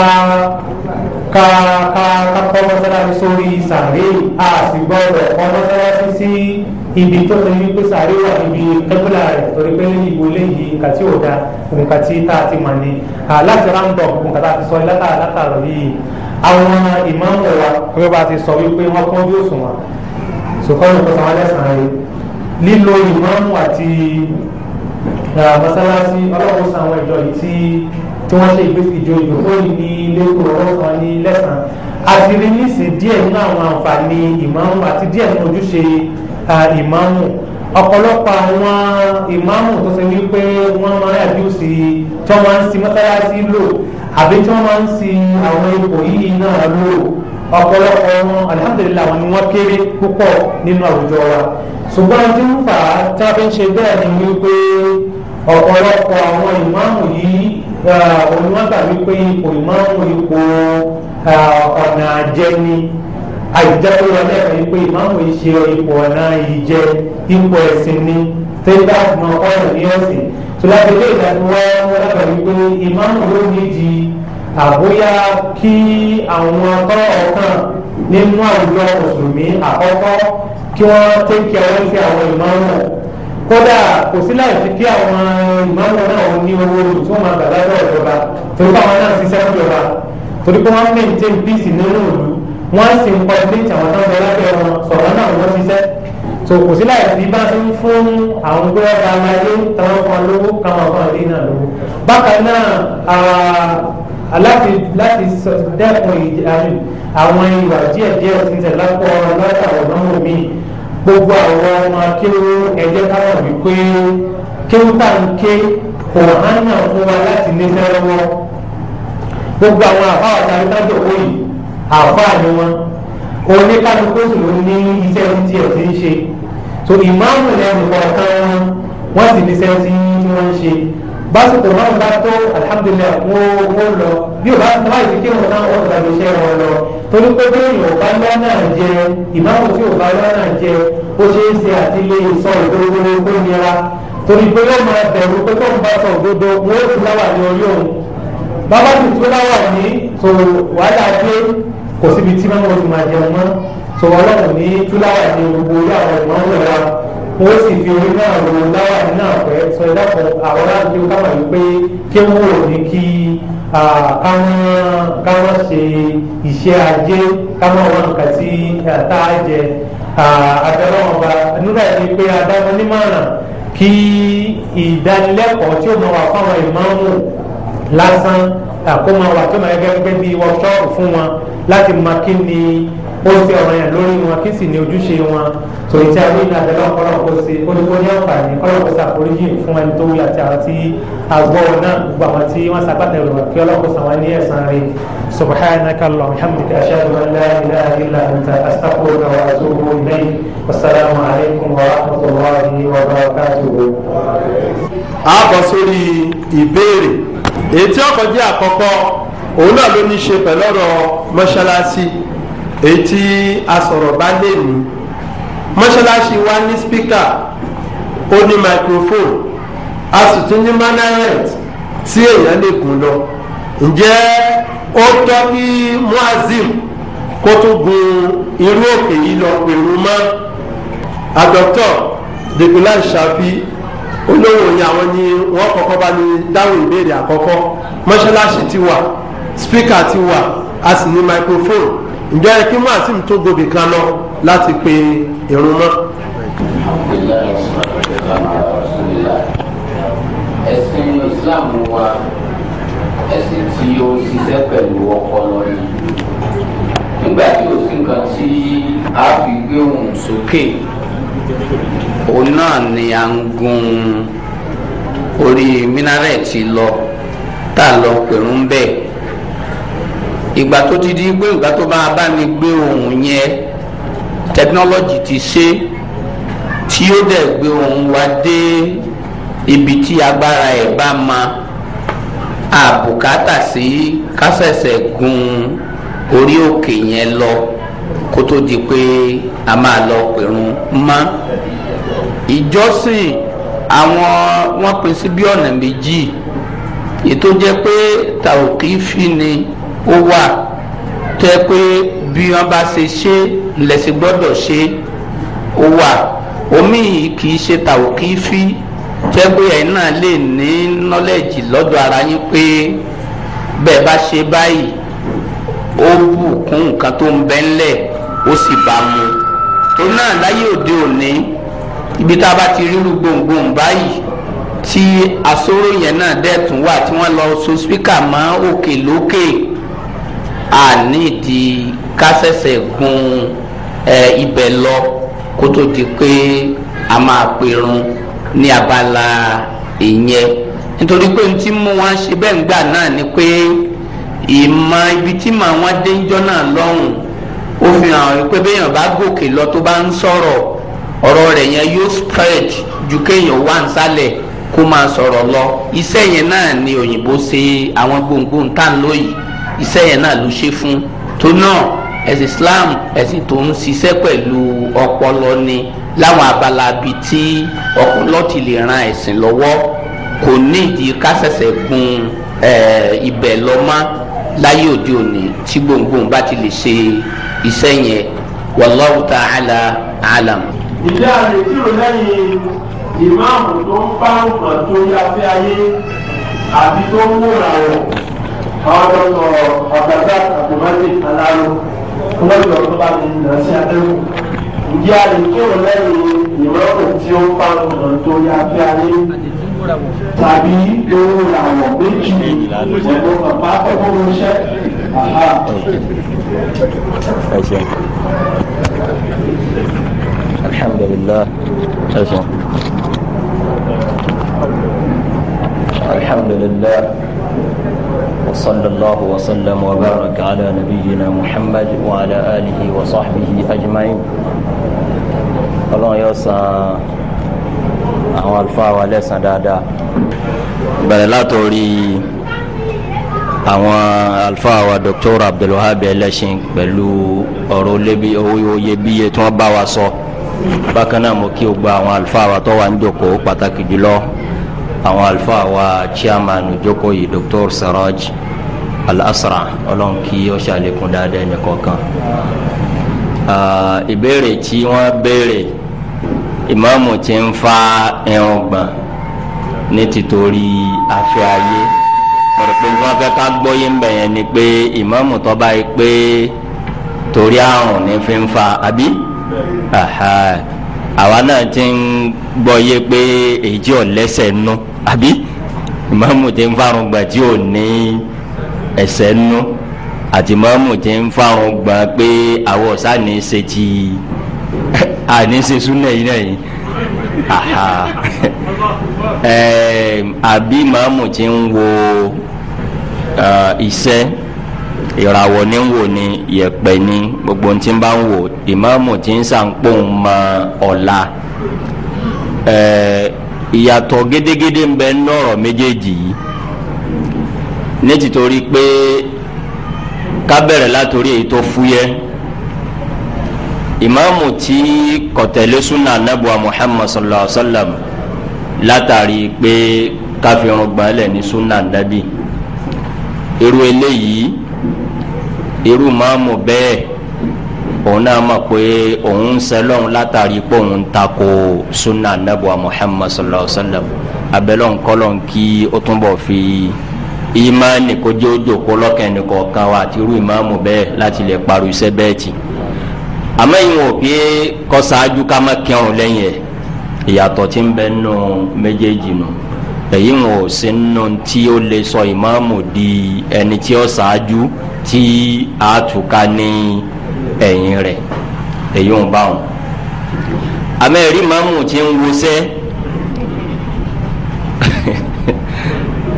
ká ká ká kọ́ mọ́sálásí sórí sàárè àti gbọ́dọ̀ kọ́ mọ́sálásí sí ibi tó ti rí pé sàárè wà níbi kẹ́kọ̀lá rẹ̀ torí pé ìbò eléyìí nǹkan tí ò da nǹkan tí tá a ti mọ̀ ni láti ráńdọ̀ nǹkan tá a ti sọ látà látàrọ yìí àwọn ìmáàmù wa pé bá a ti sọ wípé wọ́n kọ́ bí òṣùwọ̀n ṣùgbọ́n ìkọsọ̀ wọn lẹ́sàn lílo ìmáàmù àti masalasi ọlọ́run san àwọn ìjọ yìí tí tí wọ́n ṣe ìgbésí ìjọ ìdókòwò yìí ní lẹ́kọ̀ọ́ ọlọ́run san ní lẹ́sàn-án àti rí níìsì díẹ̀ nínú àwọn àǹfààní ìmáàmù àti díẹ̀ nínú ojúṣe ìmáàmù ọ̀pọ̀lọpọ̀ àwọn ìmáàmù tó ṣe wípé wọ́n máa ń àbíòsì tí wọ́n máa ń sin mọ́sálásí lò àbí tí wọ́n máa ń sin àwọn ipò yìí náà lò ọ̀pọ̀lọpọ̀ wọn alihamudulilayi àwọn ni wọ́n kéré púpọ̀ nínú àwùjọ wa ṣùgbọ́n tí ń fà á tí wọ́n fi ń ṣe bẹ́ẹ̀ ni wípé ọ̀pọ̀lọpọ̀ àwọn ìmáàmù yìí onímọ̀tà wípé ipò ìmáàmù ipò ọ̀nà àjẹni àìjẹ́pẹ́ ọ̀nà ẹ̀ka wípé ìmáàmù yìí ṣe ipò ọ̀nà ìjẹ ipò ẹ̀sìn ni tẹ́lá mọ ọ̀rọ̀ ní ọ̀sìn tó láti ilé ìdánimọ̀ ọ̀rọ̀ wípé ìmáàmù ló ní di àbóyá kí àwọn ọ̀tọ̀ ọ̀kan nínú àwùjọ mùsùlùmí àkọ́kọ́ kí wọ́n tẹ́kẹ̀ ọ̀rẹ́ sí àwọn ìmáàmù kódà kò sí láì fi kí àwọn ìmọ̀ọ́mọ́ náà ò ní owó oṣù tó máa gbà lọ́dọ̀ ìjọba torí báwọn náà ṣiṣẹ́ ìjọba torí pé wọ́n maintain peace nínú ìlú wọ́n á sì ń pa ilé ìtàwọn náà lábẹ́ wọn sọ̀rọ̀ náà wọ́n ṣiṣẹ́ so kò sí láì fi bá ṣe ń fún àwọn gbọ́dọ̀ aláyé táwọn kan lówó káwọn kan lé náà lówó bákan náà láti láti dẹ́kun àwọn ìwà díẹ̀díẹ̀ ti gbogbo àwọn ọmọ akéwò ẹjẹ káwọn wípé kéwútà ń ké kòhán náà fún wa láti ní sẹ́rẹ́wọ́ gbogbo àwọn àfáà tàbí tájọ òyì àfáà ni wọn oníkálukú sì ló ní iṣẹ́ tí ẹ̀ ti ń ṣe so ìmáàmù lẹ́nu kọ̀ọ̀kan wọn wọ́n sì ní iṣẹ́ tí wọ́n ń ṣe básìkò náà bá tó alhamdulilayi wọ́n wọ́n lọ bí o bá tó láì fi kí wọn náà wọ́n gbàgbé iṣẹ́ wọn lọ torí pé bí èèyàn bá lọ́nà jẹ ìmáàmù tí ò bá lọ́nà jẹ ó ṣe é ṣe àti lè sọ ìdókòwò tó nira torí pé yóò máa bẹ̀rù pé tó ń bá sọ òdodo wọ́n ó ti láwà ní orí òun bàbá ti tó láwà ní tó wàhálà dé kò síbi tí mọ́mọ́ ti máa jẹun mọ́ tó ọlọ́run ní túláwà ní gbogbo orí àwọn ìmọ̀ wọ́n sì fi orí náà ro láwà nínú àpẹ́ sọ ẹ dákun àwọn aláàbí ó káwọn yìí kí wọ́n ò ní kí káwọn ṣe iṣẹ́ ajé káwọn wọn nǹkan tí tá jẹ àbẹ̀rẹ̀ wọn nígbà tí pé adáwọn onímọ̀ràn kí ìdánilẹ́kọ̀ọ́ tí ó máa wà fáwọn ìmáàmù lásán àkómọ wà tó máa gẹ́gẹ́ bí wọ́ọ̀ṣọ́ọ̀bù fún wọn láti máa kí ni ó ṣe ọ̀rọ̀ yẹn lórí wọn kí sì ni ojúṣe wọn tòun tí a rí ní àtẹlẹ ọpọlọ kó ṣe olùkọ́ ní àǹfààní kọ́lọ́kọ́ ṣàforíjì fún ẹni tó wí àti àwọn tí a gbọ́ náà gbogbo àwọn tí wọ́n ṣàgbàtẹ̀rù kí ọlọ́kọ́ sàn ní ẹ̀san rẹ̀ subhanaka allahumma hamdika ashhadu an la ilaha anta astaghfiruka wa atubu ilayk wassalamu alaykum wa rahmatullahi wa barakatuhu. a bọ̀ sórí ìbéèrè èyí tí ọkọ̀ jẹ́ àkọ́kọ́ òun náà ló ní í ṣe pẹ̀lú ọ̀rọ̀ mọ́ṣáláṣí èyí tí asọ̀rọ̀ bá lè mú mọ́ṣáláṣí wa ní spíkà ó ní microphone a sì tún ní manaret tí èèyàn lè gùn lọ ǹjẹ́ ó tọ́ kí muazim kó tún gun irú òkè yìí lọ pẹ̀lú mọ́ àdọ́tọ̀ dèbìlà ìṣàfi olówó yẹn àwọn ni wọ́n kọ́kọ́ bá ní dáhùn ìbéèrè àkọ́kọ́ mọ́ṣáláṣí ti wà spíkà ti wà a sì ní microphone ǹjọ́ yẹ kí muasim tó gòbì kan lọ láti pe irun mọ́. ẹ̀sìn Islam wa ẹ̀sìn tí ó ṣiṣẹ́ pẹ̀lú ọpọlọ ni nígbà tí ó sì nǹkan tí a fi gbé ohùn sókè òun náà ni à ń gun orí minaret lọ tá a lọ pẹ̀rú bẹ́ẹ̀ ìgbà tó ti di pé ìgbà tó máa bá mi gbé ohun yẹn tẹkinọ́lọ́jì ti ṣe tí ó dẹ̀ gbé ohun wa dé ibi tí agbára ẹ̀ bá ma àbùkátà sí kásẹ̀sẹ̀ gun orí òkè yẹn lọ kó tó di pé a máa lọ pẹ̀rùn mọ́ ìjọsìn àwọn wọ́n pín sí bí ọ̀nà méjì ètò jẹ́ pé tàòkì fi ni ó wà tẹ́ pé bí wọ́n bá ṣe ṣe lẹ́sìn gbọ́dọ̀ ṣe ó wà omi kì í ṣe tàwọn kì í fi tẹ́ pé ẹ̀yin náà lè ní nọ́lẹ́jì lọ́dọ̀ ara yín pé bẹ́ẹ̀ bá ṣe báyìí ó bù kún nǹkan tó ń bẹ ńlẹ̀ ó sì bá mu torí náà láyé òde òní ibi tá a bá ti ríru gbòǹgbòǹ báyìí tí asóró yẹn náà dẹ̀ wà tí wọ́n lọ so spíkà mọ́ òkè lókè. Okay, a ànídìí kásẹ̀sẹ̀ gun ibẹ̀ lọ kó tó di pé a máa perun ní abala ìyẹn nítorí pé n ti mú wọn ṣe bẹ́ẹ̀ ńgbà náà ni pé ìmọ̀ ibi tí màá wọn dé jọ náà lọ́hùn ó fi hàn pé béèyàn bá gòkè lọ tó bá ń sọ̀rọ̀ ọ̀rọ̀ rẹ̀ yẹn yóò spread ju kéèyàn wà nísàlẹ̀ kó máa sọ̀rọ̀ lọ iṣẹ́ yẹn náà ni òyìnbó ṣe àwọn gbòǹgbò ń iṣẹ́ yẹn náà ló ṣe fún tó náà ẹ̀sìn Islam ẹ̀sìn tó ń ṣiṣẹ́ pẹ̀lú ọpọlọ ni láwọn abala bíi tí ọpọlọ ti lè ran ẹ̀sìn lọ́wọ́ kò ní ìdí kásẹ̀sẹ̀ gun ibẹ̀ lọ mọ́ láyé òde òní tí gbòǹgbòǹ bá ti lè ṣe iṣẹ́ yẹn wallahu ta'ala alam. ìjà rẹ̀ tí ò lẹ́yìn ìmáàmù tó ń bá ọ̀gbọ̀n tó yá fẹ́ ayé àbí tó ń wòrà rẹ̀ àwọn tó ń lọ ọ̀dàdà àtòmátì aláàlú lọ́jọ́ tó bá ti nà sí abẹ́kù ìdí àlè kírun lẹ́yìn ìmọ̀ràn tí ó ń fa ọ̀nà tó yá bí alé tàbí ewu làwọ̀ méjì ọ̀dọ́ bàbá ọ̀gbọ́n iṣẹ́ àhà. alhamdulillah alhamdulillah. وصلى الله وسلم وبارك على نبينا محمد وعلى آله وصحبه أجمعين الله يوسع àwọn àlùfáà wa lẹ́sàn dáadáa bẹ̀rẹ̀ látòrí àwọn àlùfáà wa Dr. Abdulwahab Ẹlẹ́ṣin pẹ̀lú ọ̀rọ̀ oyebíye tí wọ́n bá wa sọ bákan náà mo kí o gba àwọn àlùfáà wa tó wà ń jòkó pàtàkì jùlọ àwọn àlùfáà wa chairman jókòó yìí Dr. Saraj Al-Asra ọlọ́run kí ó ṣàlékún dáadáa ẹnìkọ̀ọ̀kan ìbéèrè tí wọ́n béèrè ìmáàmù ti ń fa ẹran gbọ̀n ní títorí afẹ́ ayé ọ̀rọ̀ pé wọ́n fẹ́ ká gbọ́yé ń bẹ̀ yẹn ni pé ìmáàmù tó bá pé torí àrùn ní fi ń fa àbí àwa náà ti ń gbọ́yé pé èyí ò lẹ́sẹ̀ nú. No àbí ìmáàmù tí ń fárun gbà tí ò ní ẹsẹ̀ nú àti ìmáàmù tí ń fárun gbà pé àwọn ọ̀sán ní í ṣe ti àní ṣe súnlẹ̀ yìí náà yìí àbí ìmáàmù tí ń wo iṣẹ́ ìràwọ̀ ní wò ní yẹ̀pẹ̀ ní gbogbo tí ń bá ń wò ìmáàmù tí ń sàǹpò ń mọ ọ̀la ìyàtọ̀ gédégédé ń bẹ nọ̀rọ̀ méjèèjì yìí ní títorí pé ká bẹ̀rẹ̀ látòrí èyí tó fúyẹ́ ìmáàmù tí kọ̀tẹ̀lé súnà anábùwà Muhammad sallallahu alayhi wa sallam látàrí pé káfíọ̀rùn gbalẹ̀ ní súnà nábì irú eléyìí irú máàmù bẹ́ẹ̀ òun náà mọ̀ pé òun ń sẹlọ́n látàrí pé òun ń takò sunna anabuwa muhammad sallallahu alaihi wa sallam abẹ́lọ́n kí ó túnbọ̀ fi ìmáàní kó jẹ́ òjòkó lọ́kẹ́ni kọ̀ọ̀kan wa àti irú ìmáàmù bẹ́ẹ̀ láti lè parí iṣẹ́ bẹ́ẹ̀ tì àmọ́ ìwọ̀n ò kọ́ ṣáájú ká má kírun lẹ́yìn ẹ̀ ìyàtọ̀ tí ń bẹ nù méjèèjì nù èyí ń di ẹni tí ó ṣáájú tí a ẹ̀yìn rẹ̀ èyí ń bá wọn. àmẹ́rí màmú ti ń wọṣẹ́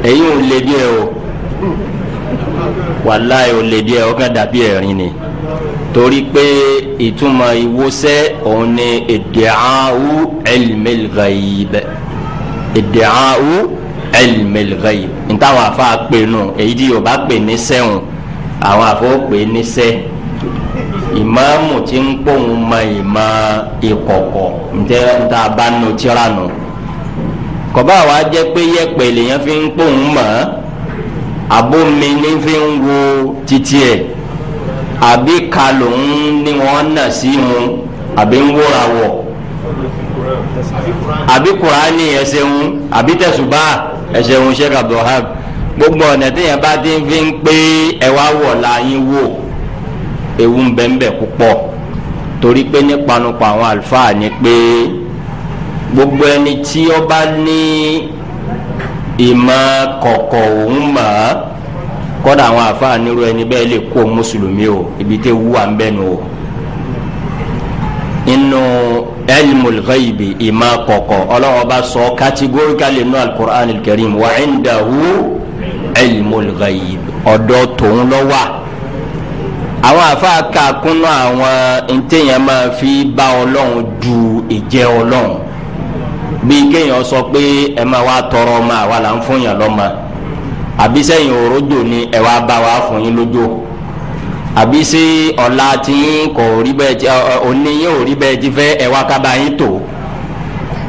èyí ń lè díẹ̀ o wàláì ò lè díẹ̀ ọkàn dàbí ẹ̀rín ni torí pé ìtumọ̀ ìwọṣẹ́ òun ni ìdìáwú ẹlmẹlgàyìbẹ ìdìáwú ẹlmẹlgàyìbẹ ntàwọn afa pè nù èyí tí yorùbá pè ní sẹ́wọ̀n àwọn afọ pè ní sẹ́wọ̀n ìmáàmù tí ń pòun mọ ìmọ̀ ìkọ̀kọ̀ ntẹ́ ntà bá nu kọ̀bá wa jẹ́ pé fi ń pòun mọ̀ abomi ní fi ń wo títí ẹ̀ àbí ka lòun ní wọ́n nà sí mu àbí ń wóra wọ̀ àbí kùránì ẹsẹ̀ ń àbí gbogbo ọ̀nà tí yẹn bá ti fi ń pé ẹ̀wá wọ̀ la ewu ń bẹ ń bẹ púpọ̀ torí pé nípanupọ̀ àwọn àlùfáà ni pé gbogbo ẹni tí ó bá ní ìmọ̀ kọ̀kọ̀ òun mọ̀ ọ́ kọ́dà àwọn àfáà nírú ẹni bẹ́ẹ̀ lè kó mùsùlùmí o ibi tẹ́ wú à ń bẹ́nu o inú ilmul ghaibi ìmọ̀ kọ̀kọ̀ ọlọ́wọ́n bá sọ kátígóríkálì inú alukur'an karim wa indahu ilmul ghaib ọ̀dọ̀ tòun lọ́wọ́ àwọn àfáà kà kúnnú àwọn ntẹ̀yẹ̀ máa fi bá ọlọ́run du ìjẹ́ ọlọ́run bíi kéèyàn sọ pé ẹ máa wá tọrọ ọmọ àwa là ń fún yàn lọ́mọ àbí sẹ́yìn òrójò ni ẹ wá bá wa fún yín lójó àbí ọ̀la tí kò rí bẹ́ẹ̀ tí oníyín ò rí bẹ́ẹ̀ ti fẹ́ ẹ wá ká bá yín tò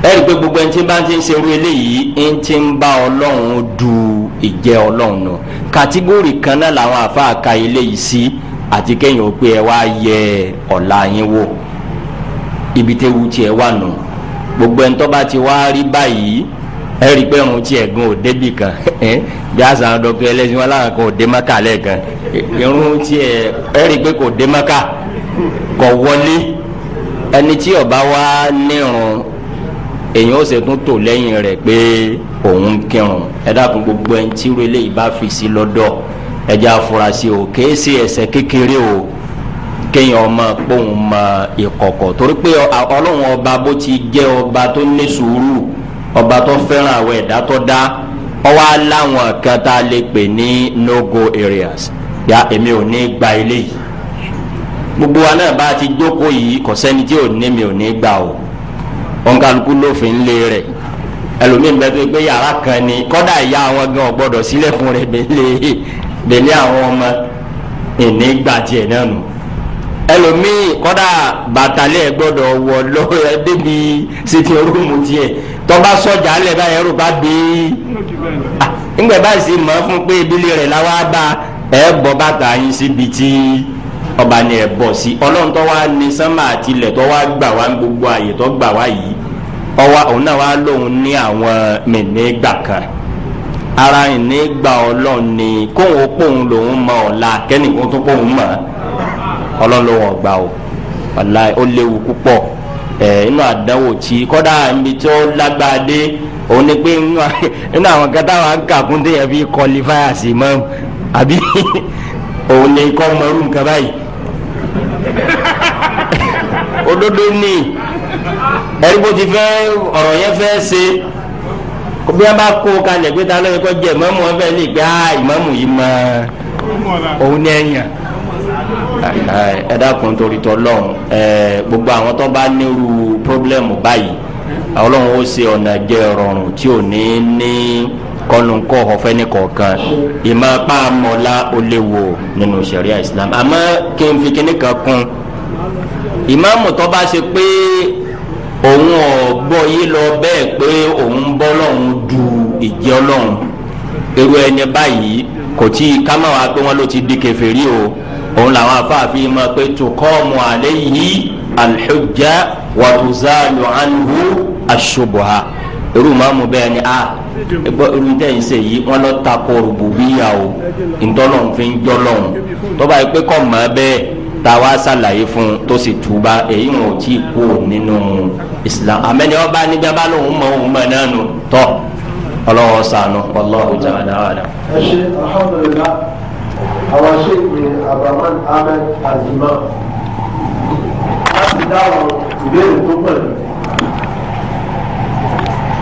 ẹ rí i pé gbogbo ẹni tí bá ti ń ṣerú eléyìí ń ti ń bá ọlọ́run du ìjẹ́ ọlọ́run nù kàtígórì kan náà làwọn àfáà ka eléyìí sí. Si àti kéèyàn pé ẹ wá yẹ ọ̀la yín wò ibi tẹ́ wu tiẹ̀ wà nù gbogbo ẹni tó bá ti wá rí báyìí ẹ rí i pé irun tiẹ̀ gan ò débì kan bí àṣà àwọn dọ́kítọ̀ ẹlẹ́sìn wọn láwọn kan ò mọ́kà lẹ́ẹ̀kan irun tiẹ̀ ẹ rí i pé kò dé mọ́kà kò wọlé ẹni tí ó wá nírun èyàn ó ṣètún tò lẹ́yìn rẹ̀ pé òun kírun ẹ dákun gbogbo ẹni tí irú eléyìí bá fi sí lọ́dọ̀ ẹjẹ afurasí o kìí ṣe ẹ̀ṣẹ̀ kékeré o kéèyàn ọmọ pòun mọ ìkọ̀kọ̀ torí pé ọlọ́run ọba bó ti jẹ́ ọba tó ní sùúrù ọba tó fẹ́ràn àwọn ẹ̀dá tó dá ọwọ́ aláwọn kan tá a lè pè ní no go areas ya èmi ò ní gba ilé yìí gbogbo wa náà bá ti jókòó yìí kò sẹ́ni tí ò ní mi ò ní gbà o ònkàlùkù lófin lé rẹ̀ ẹlòmíín bẹ́ẹ̀ tó gbé yàrá kan ni kọ́dà ìyá àwọn gan ọ̀gbọ́dọ̀ sílẹ̀ fún rẹ̀ bẹ́ẹ̀ lé e bẹ̀lí àwọn ọmọ ìní gbàjẹ náà nù ẹlòmíì kọ́dà bàtàlẹ́ ẹ̀ gbọ́dọ̀ wọ̀ lọ́wọ́ ẹ débi sítì rúùmù tiẹ̀ tọ́ba sọ́jà alẹ́ báyẹn ẹrù bá gbé ńgbẹ́ báyìí sì mọ̀ fún pé ìdílé rẹ̀ láwa bá ẹ̀ bọ́ bàtà yín síbi tí ọba ni ẹ̀ bọ̀ sí ọlọ́run tó wá ní sánmà àtilẹ̀ tó wá gbà wá gbogbo àyè tó gbà wá yìí ọwọ́ òun náà wá lóun ní àwọn mẹ̀ẹ́nẹ́gbà kan ara ìní gba ọlọ́run ni kóun ó pòun lòun mọ ọ̀la kẹ́nìkan tó pòun mọ̀ ọlọ́run lòun ọ̀gbà o ọ̀la ó léwu púpọ̀ ẹ inú àdánwò tí kọ́dà níbi tí ó lágbára dé òun ni pé inú àwọn kẹta wa ń kàkún téèyàn fi kọlifáyà sí mọ́ àbí òun ni kọ́ mọ́rú nǹkan báyìí òdodo ni ẹ̀rí bó ti fẹ́ ọ̀rọ̀ yẹn fẹ́ ṣe bí a bá kó kalẹ̀ pé ta lóye kó jẹ ìmọ̀mù ọbẹ̀ lè gbé a ìmọ̀mù yìí mọ òun ní ẹ̀yàn ẹ dákun torí tọlọ́run gbogbo àwọn tó bá nírú pírọ́blẹ́mù báyìí ọlọ́run ó ṣe ọ̀nà jẹ́ rọrùn tí ò ní ní kọnu ọ̀fẹ́ ní kọ̀ọ̀kan ìmọ̀ apá amọ̀lá ó léwu nínú ṣẹ̀ríà Islam àmọ́ kí n fi kíní kan kún ìmáàmù tó bá ṣe pé òun ò gbọ́ yé lọ bẹ́ẹ̀ pé òun bọ́ lọ́hùn du ìjẹ́ ọlọ́hun irú ẹni báyìí kò tí ì ká máa wá pé wọ́n ló ti di kèfèrí o òun làwọn afáàfin máa pé tuqamu alayhi al-hujja wa tuzalu anhu ash-shubha irú màmú bẹ́ẹ̀ ni a ah, gbọ́ irú tẹ̀ ń ṣe yìí wọ́n lọ ta ko rububiyya o ntọ́lọ́hún fi ń jọ́ lọ́hún tọ́ba yìí pé kọ́ mọ́ bẹ́ẹ̀ táwa ṣàlàyé fún un tó sì túba èyí wọn ò tí ì kú nínú Islam àmẹ́ni ọba níbi abá lòun mọ òun mọ náà nù tọ́ ọlọ́wọ́ sànù ọlọ́wọ́ jà dáadáa. ẹ ṣe alhamdulillah àwọn sheikh mi abdulrahman ahmed azima láti dáhùn ìbéèrè tó pẹ̀lú.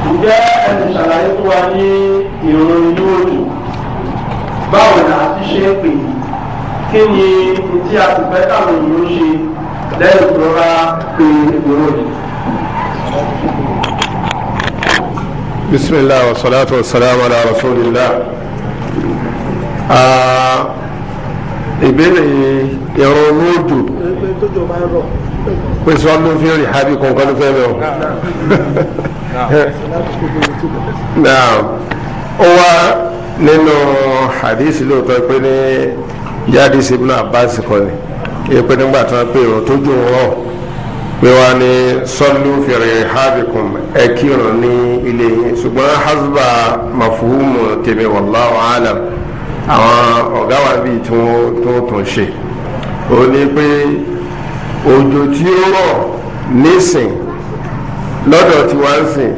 ǹjẹ́ ẹni ṣàlàyé fún wa ní ìròyìn lóòjù báwo ni a ti ṣe é pè yìí kí ni tí a sì fẹ́ káwọn èèyàn ṣe lẹ́yìn tó rà pé ìró yìí. bisimilah wa salatu wa salam ala rasulillah ìbéèrè ẹ̀rọ lóòdù pé sọ ló fi rí hábì kankan ló fẹ́ mẹ́wọ́ náà ó wá nínú hadith lóòótọ́ pé jáde sí ibùdó Abbas kọ́ ni èpè nígbà tí wọ́n pè irun tó jù wọ́n pé wọ́n ní sọ́lú fèrè hábìkùn ẹ kírun ní ilé yín ṣùgbọ́n hasba mafuhumu tèmi wallahu alam àwọn ọ̀gá wa bíi tí wọ́n tún ṣe ó ní pé òjò tí ó rọ̀ nísìn lọ́dọ̀ tí wọ́n sìn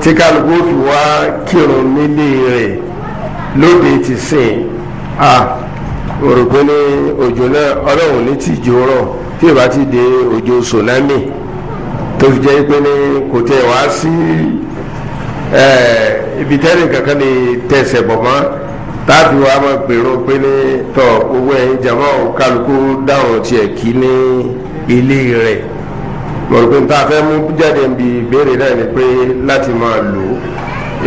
tí kálukú fi wá kírun nílé rẹ̀ lóde ti sìn ah mo rò pé ní òjò náà ọlọ́run ní tí ìjò rọ̀ tí ìbá ti dé òjò tsunami tó fi jẹ́ pé ní kò tẹ̀ wá sí ibi tẹ́lẹ̀ kankan lè tẹ̀sẹ̀ bọ̀ mọ́ táàbí wa máa gbèrò pé ní tọ̀ owó ẹ̀yìn jàmọ́ kálukú dáhùn tiẹ̀ kí ní ilé rẹ̀ mo rò pé ní tá a fẹ́ mú jáde níbi ìbéèrè náà ni pé láti máa lò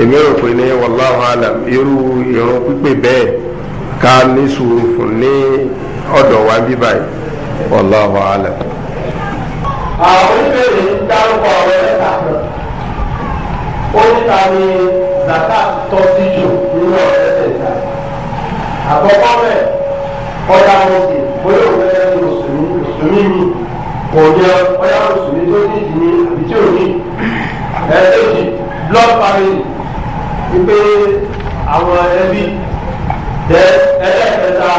èmi rò pé ní wallahu alam irú ìrún pípé bẹ́ẹ̀ ká ní sùúrù fún ní ọ̀dọ̀ wa bí báyìí wallahu alam. àwọn oníbèrè ń dárúkọ ọ̀rẹ́ mẹ́ta kan ó ní ta ni zakat tọ́ sí jù nínú ọ̀rẹ́ mẹ́ta àkọ́kọ́ bẹ́ẹ̀ ọ̀dà mọ̀sí bóyá òun fẹ́ ní mùsùlùmí mùsùlùmí mi kò jẹ ọ̀yà mùsùlùmí tó ní ìdí ní àbí tí ò ní ẹ̀ẹ́dẹ́jì blood family wípé àwọn ẹbí dẹ ẹlẹ́kẹta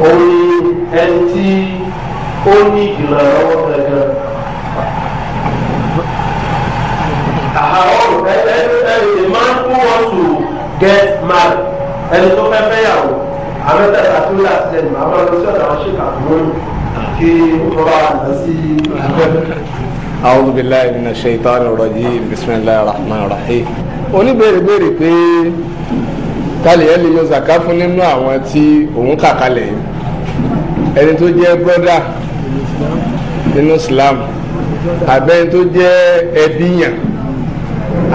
òun ni ẹni tí ó ní ìgbìmọ̀ lọ́wọ́ gangan. àwọn máa ń kú wọn to get married ẹni tó fẹ́ fẹ́ yàwó amẹ́tẹ̀ẹ̀ta tó yà sílẹ̀ nù àwọn ọmọ sí ọ̀dà wọn ṣe kàkúrò kí wọ́n bá lọ sí ìgbàgbọ́. A'udhu billahi minash shaitani rajim bisimilahi rahman rahim oníbèrè bèrè pé tálẹ̀ yẹn lè zaka fún nínú àwọn tí òun kà kalẹ̀ yìí ẹni tó jẹ́ brọ́dà nínú Islam abẹ́ni tó jẹ́ ẹbíyàn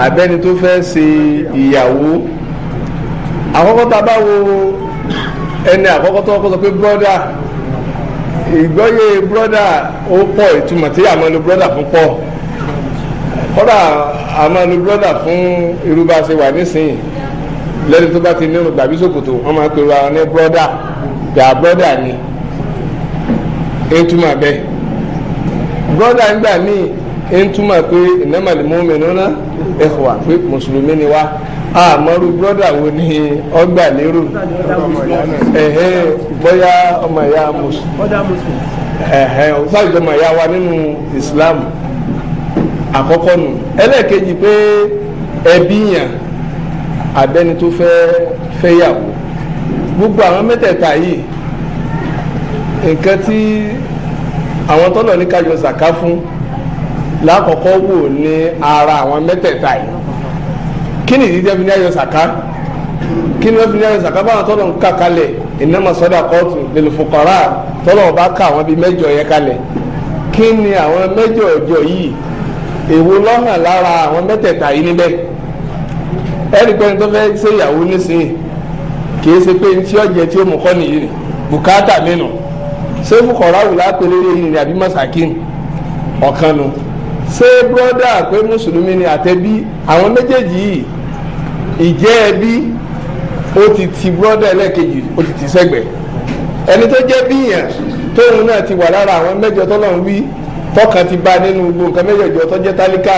abẹ́ni tó fẹ́ ṣe ìyàwó àkọ́kọ́ tá a bá wo ẹni àkọ́kọ́ tó kọ́ sọ pé brọ́dà ìgbọ́yé brọ́dà ó pọ̀ ìtumọ̀ tí àmọ́ lu brọ́dà fún pọ̀ kọ́dà àmọ́ lu fún irú ṣe wà nísìnyí lẹ́ni tó bá ti nírun gbàbí ṣòkòtò wọ́n máa pe ara ní brọ́dà gbà brọ́dà ni ètùmọ̀ bẹ́ẹ̀ brọ́dà ńgbà míì ètùmọ̀ pé innamal mu'minuna ikhwa pé mùsùlùmí ni wá àmọ́rú brọ́dà wo ni ọgbà lérò bóyá ọmọ ìyá mùsùlùmí ọ̀sáàjọ ọmọ ìyá wa nínú Islam àkọ́kọ́ nù ẹlẹ́ẹ̀kejì pé ẹbí yàn abẹ́ni tó fẹ́ fẹ́yàwó gbogbo àwọn mẹ́tẹ̀ẹ̀ta yìí nǹkan tí àwọn tọ́lọ̀ ní kájọ zaka fún lákọ̀ọ́kọ́ wò ní ara àwọn mẹ́tẹ̀ẹ̀ta yìí kí ni ìdí jẹ́bi ní ayọ̀ zaka kí ni wọ́n fi ní ayọ̀ zaka báwọn tọ́lọ̀ ń kà kalẹ̀ ìnáma sọ́dà kọ́ọ̀tù lil tọ́lọ̀ bá kà àwọn bíi mẹ́jọ yẹn kalẹ̀ kí ni àwọn mẹ́jọ ọjọ́ yìí èwo ló lára àwọn mẹ́tẹ̀ẹ̀ta yìí níbẹ̀ ẹ̀rí pẹ́ni tó fẹ́ ṣe ìyàwó nísìnyí kì í ṣe pé tí ọ̀jẹ̀ tí ó mú kọ́ nìyí ni bùkátà mẹ́nu ṣé fúkọ̀rá wù lápẹ̀lẹ́rẹ́ yìí ni àbí masakin ọ̀kan nu ṣé bírọ́dà pé mùsùlùmí ni àtẹ̀bí àwọn méjèèjì yìí ìjẹ́ ẹbí ó ti ti bírọ́dà ẹlẹ́ẹ̀kejì ó ti ti sẹ́gbẹ̀ẹ́ ẹni tó jẹ́ bíyàn tóun náà ti wà lára àwọn mẹ́jọ tọ́lọ́run wí tọ́kan ti bá nínú gbogbo nǹkan mẹ́jọ tó jẹ́ tálíkà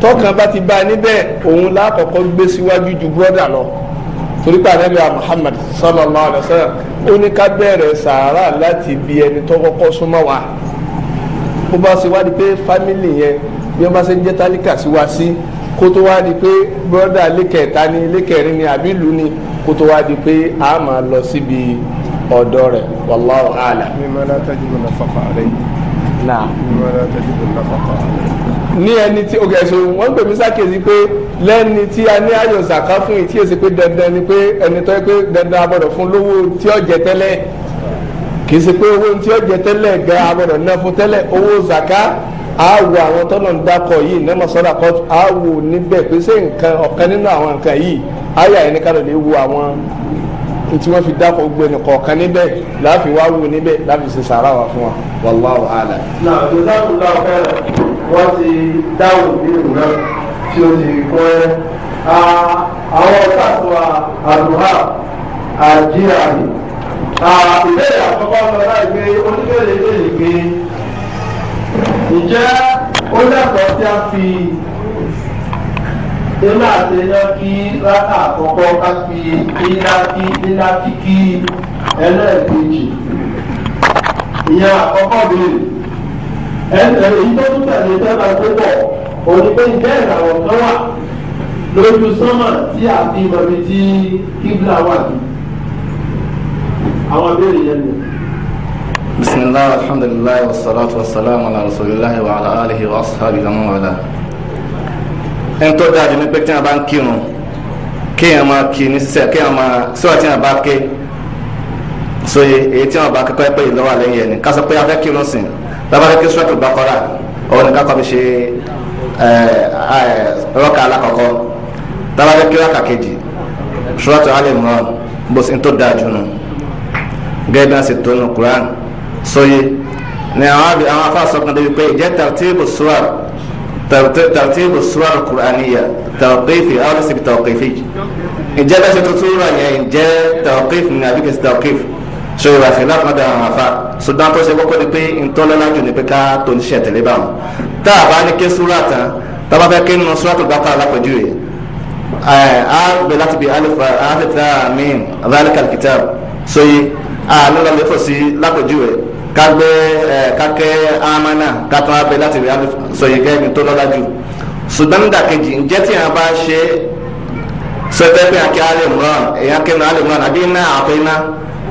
tọkàn bá ti bá a níbẹ̀ òun lákọ̀ọ́kọ́ gbé síwájú ju brọ́dà lọ torí pé anabi muhammad sallallahu alayhi wa sallam ó ní ká bẹ̀rẹ̀ sàárà láti bí ẹni tó kọ́kọ́ súnmọ́ wa ó bá ṣe wá di pé fámìlì yẹn bí wọ́n bá ṣe ń jẹ́ tálíkà sí wa sí kó tó wá di pé brọ́dà ilé ni ilé ni àbí ìlú ni kó tó wá di pé a máa lọ síbi ọ̀dọ́ rẹ̀ wallahu a'lam. mímọ́ látàjú ló nafaqa alayhi. náà mímọ́ ní ẹni tí o kẹsàn wọn gbè mí sákèsí pé lẹ́ni tí a ní ayọ̀ zaka fún yìí tí èsì pé dandan ni pé ẹni tó yẹ pé dandan abọ̀dọ̀ fún lówó tí ó jẹ tẹ́lẹ̀ kì í ṣe pé owó tí ó jẹ tẹ́lẹ̀ gan abọ̀dọ̀ náà fún tẹ́lẹ̀ owó zaka àwọ̀ àwọn tọ́nà ń dakọ̀ yìí nẹ́mọ̀ sọ́dà kọ́tù àwọ̀ níbẹ̀ pé ṣé nǹkan ọ̀kan nínú àwọn nǹkan yìí ayé àyè ní ká lè wo àwọn tí wọ́n fi dákọ̀ gbẹ̀nì kọ̀ọ̀kan níbẹ̀ láàfin wá wò níbẹ̀ láàfin ṣe sàrà wá fún wa wàlláhu àlà. náà ìdílé náà kò dá rẹ̀ wọ́n ti dáhùn nínú náà tí ó ti kọ́ ẹ́ àwọn ọ̀tàkùn àdùhà àjíhàmì ìbéèrè àkọ́kọ́ sọ láì pé oníbèrè ìbéèrè pé ǹjẹ́ ó lẹ́kọ̀ọ́ tí a fi iná àti iná kí rákà àkọ́kọ́ ká fi iná kí iná kíkí ẹlẹ́ẹ̀kejì ìyẹn àkọ́kọ́ béèrè ẹ̀ẹ́dẹ̀ èyí tó tún tẹ̀lé tẹ́lá tó pọ̀ òní pé ìjẹ́ ìràwọ̀ kan wà lójú sánmà tí a fi mọ̀mí tí kíbla wà ní. àwọn abéèrè yẹn ni. bisimilahi alhamdulilayi wa salatu wa salamu ala rasulilahi wa ala alihi wa ashabi wa mawala. ẹni tó dáa jù ní pé tí a bá ń kírun kéèyàn máa kí ní sísẹ kéèyàn máa síwájú tí a bá ké sóye èyí tí wọn bá kẹ́kọ̀ọ́ pé ìlọwà lẹ́yìn ẹni ká sọ pé a fẹ́ kírun sìn tabarake suratul bakora òun nìkan kọ́ mi ṣe rọ́kà alákọ̀ọ́kọ́ tabarake rọ́kà kejì suratul alimran bó ṣe ń tó da jù nù gẹ́gẹ́ bí wọ́n ṣe tó nù Quran sóye ni àwọn afa sọkàn débi pé ìjẹ́ tartibu suwar tartibu suwar kur'aniya tawqifi aw lẹ́sìn bi tawqifi ìjẹ́ bẹ́ẹ̀ ṣe tuntun rà yẹn ìjẹ́ tawqif ni àbí kìí ṣe tawqif so ìwà fìlà kan dára àwọn afa ṣùgbọ́n tó ṣe kọ́kọ́ ni pé ntọ́lọ́lá jù pé ká tó ní ṣe tẹ̀lé báwọn tá a bá ní ké súrà tán tá a bá fẹ́ ké nínú súrà tó dákọ̀ alápèjúwe a bẹ láti bi alifa afetra amin zalikal kitab so yi a nílò lè fò sí lápèjúwe ká gbé ká ké amana ká tó a bẹ láti bi alifa so yi gẹ́gẹ́ tó lọ́lá jù ṣùgbọ́n nígbà kejì ǹjẹ́ tí a bá ṣe sọ pé pé a ké alimran èèyàn ké alimran àbí iná àpé iná.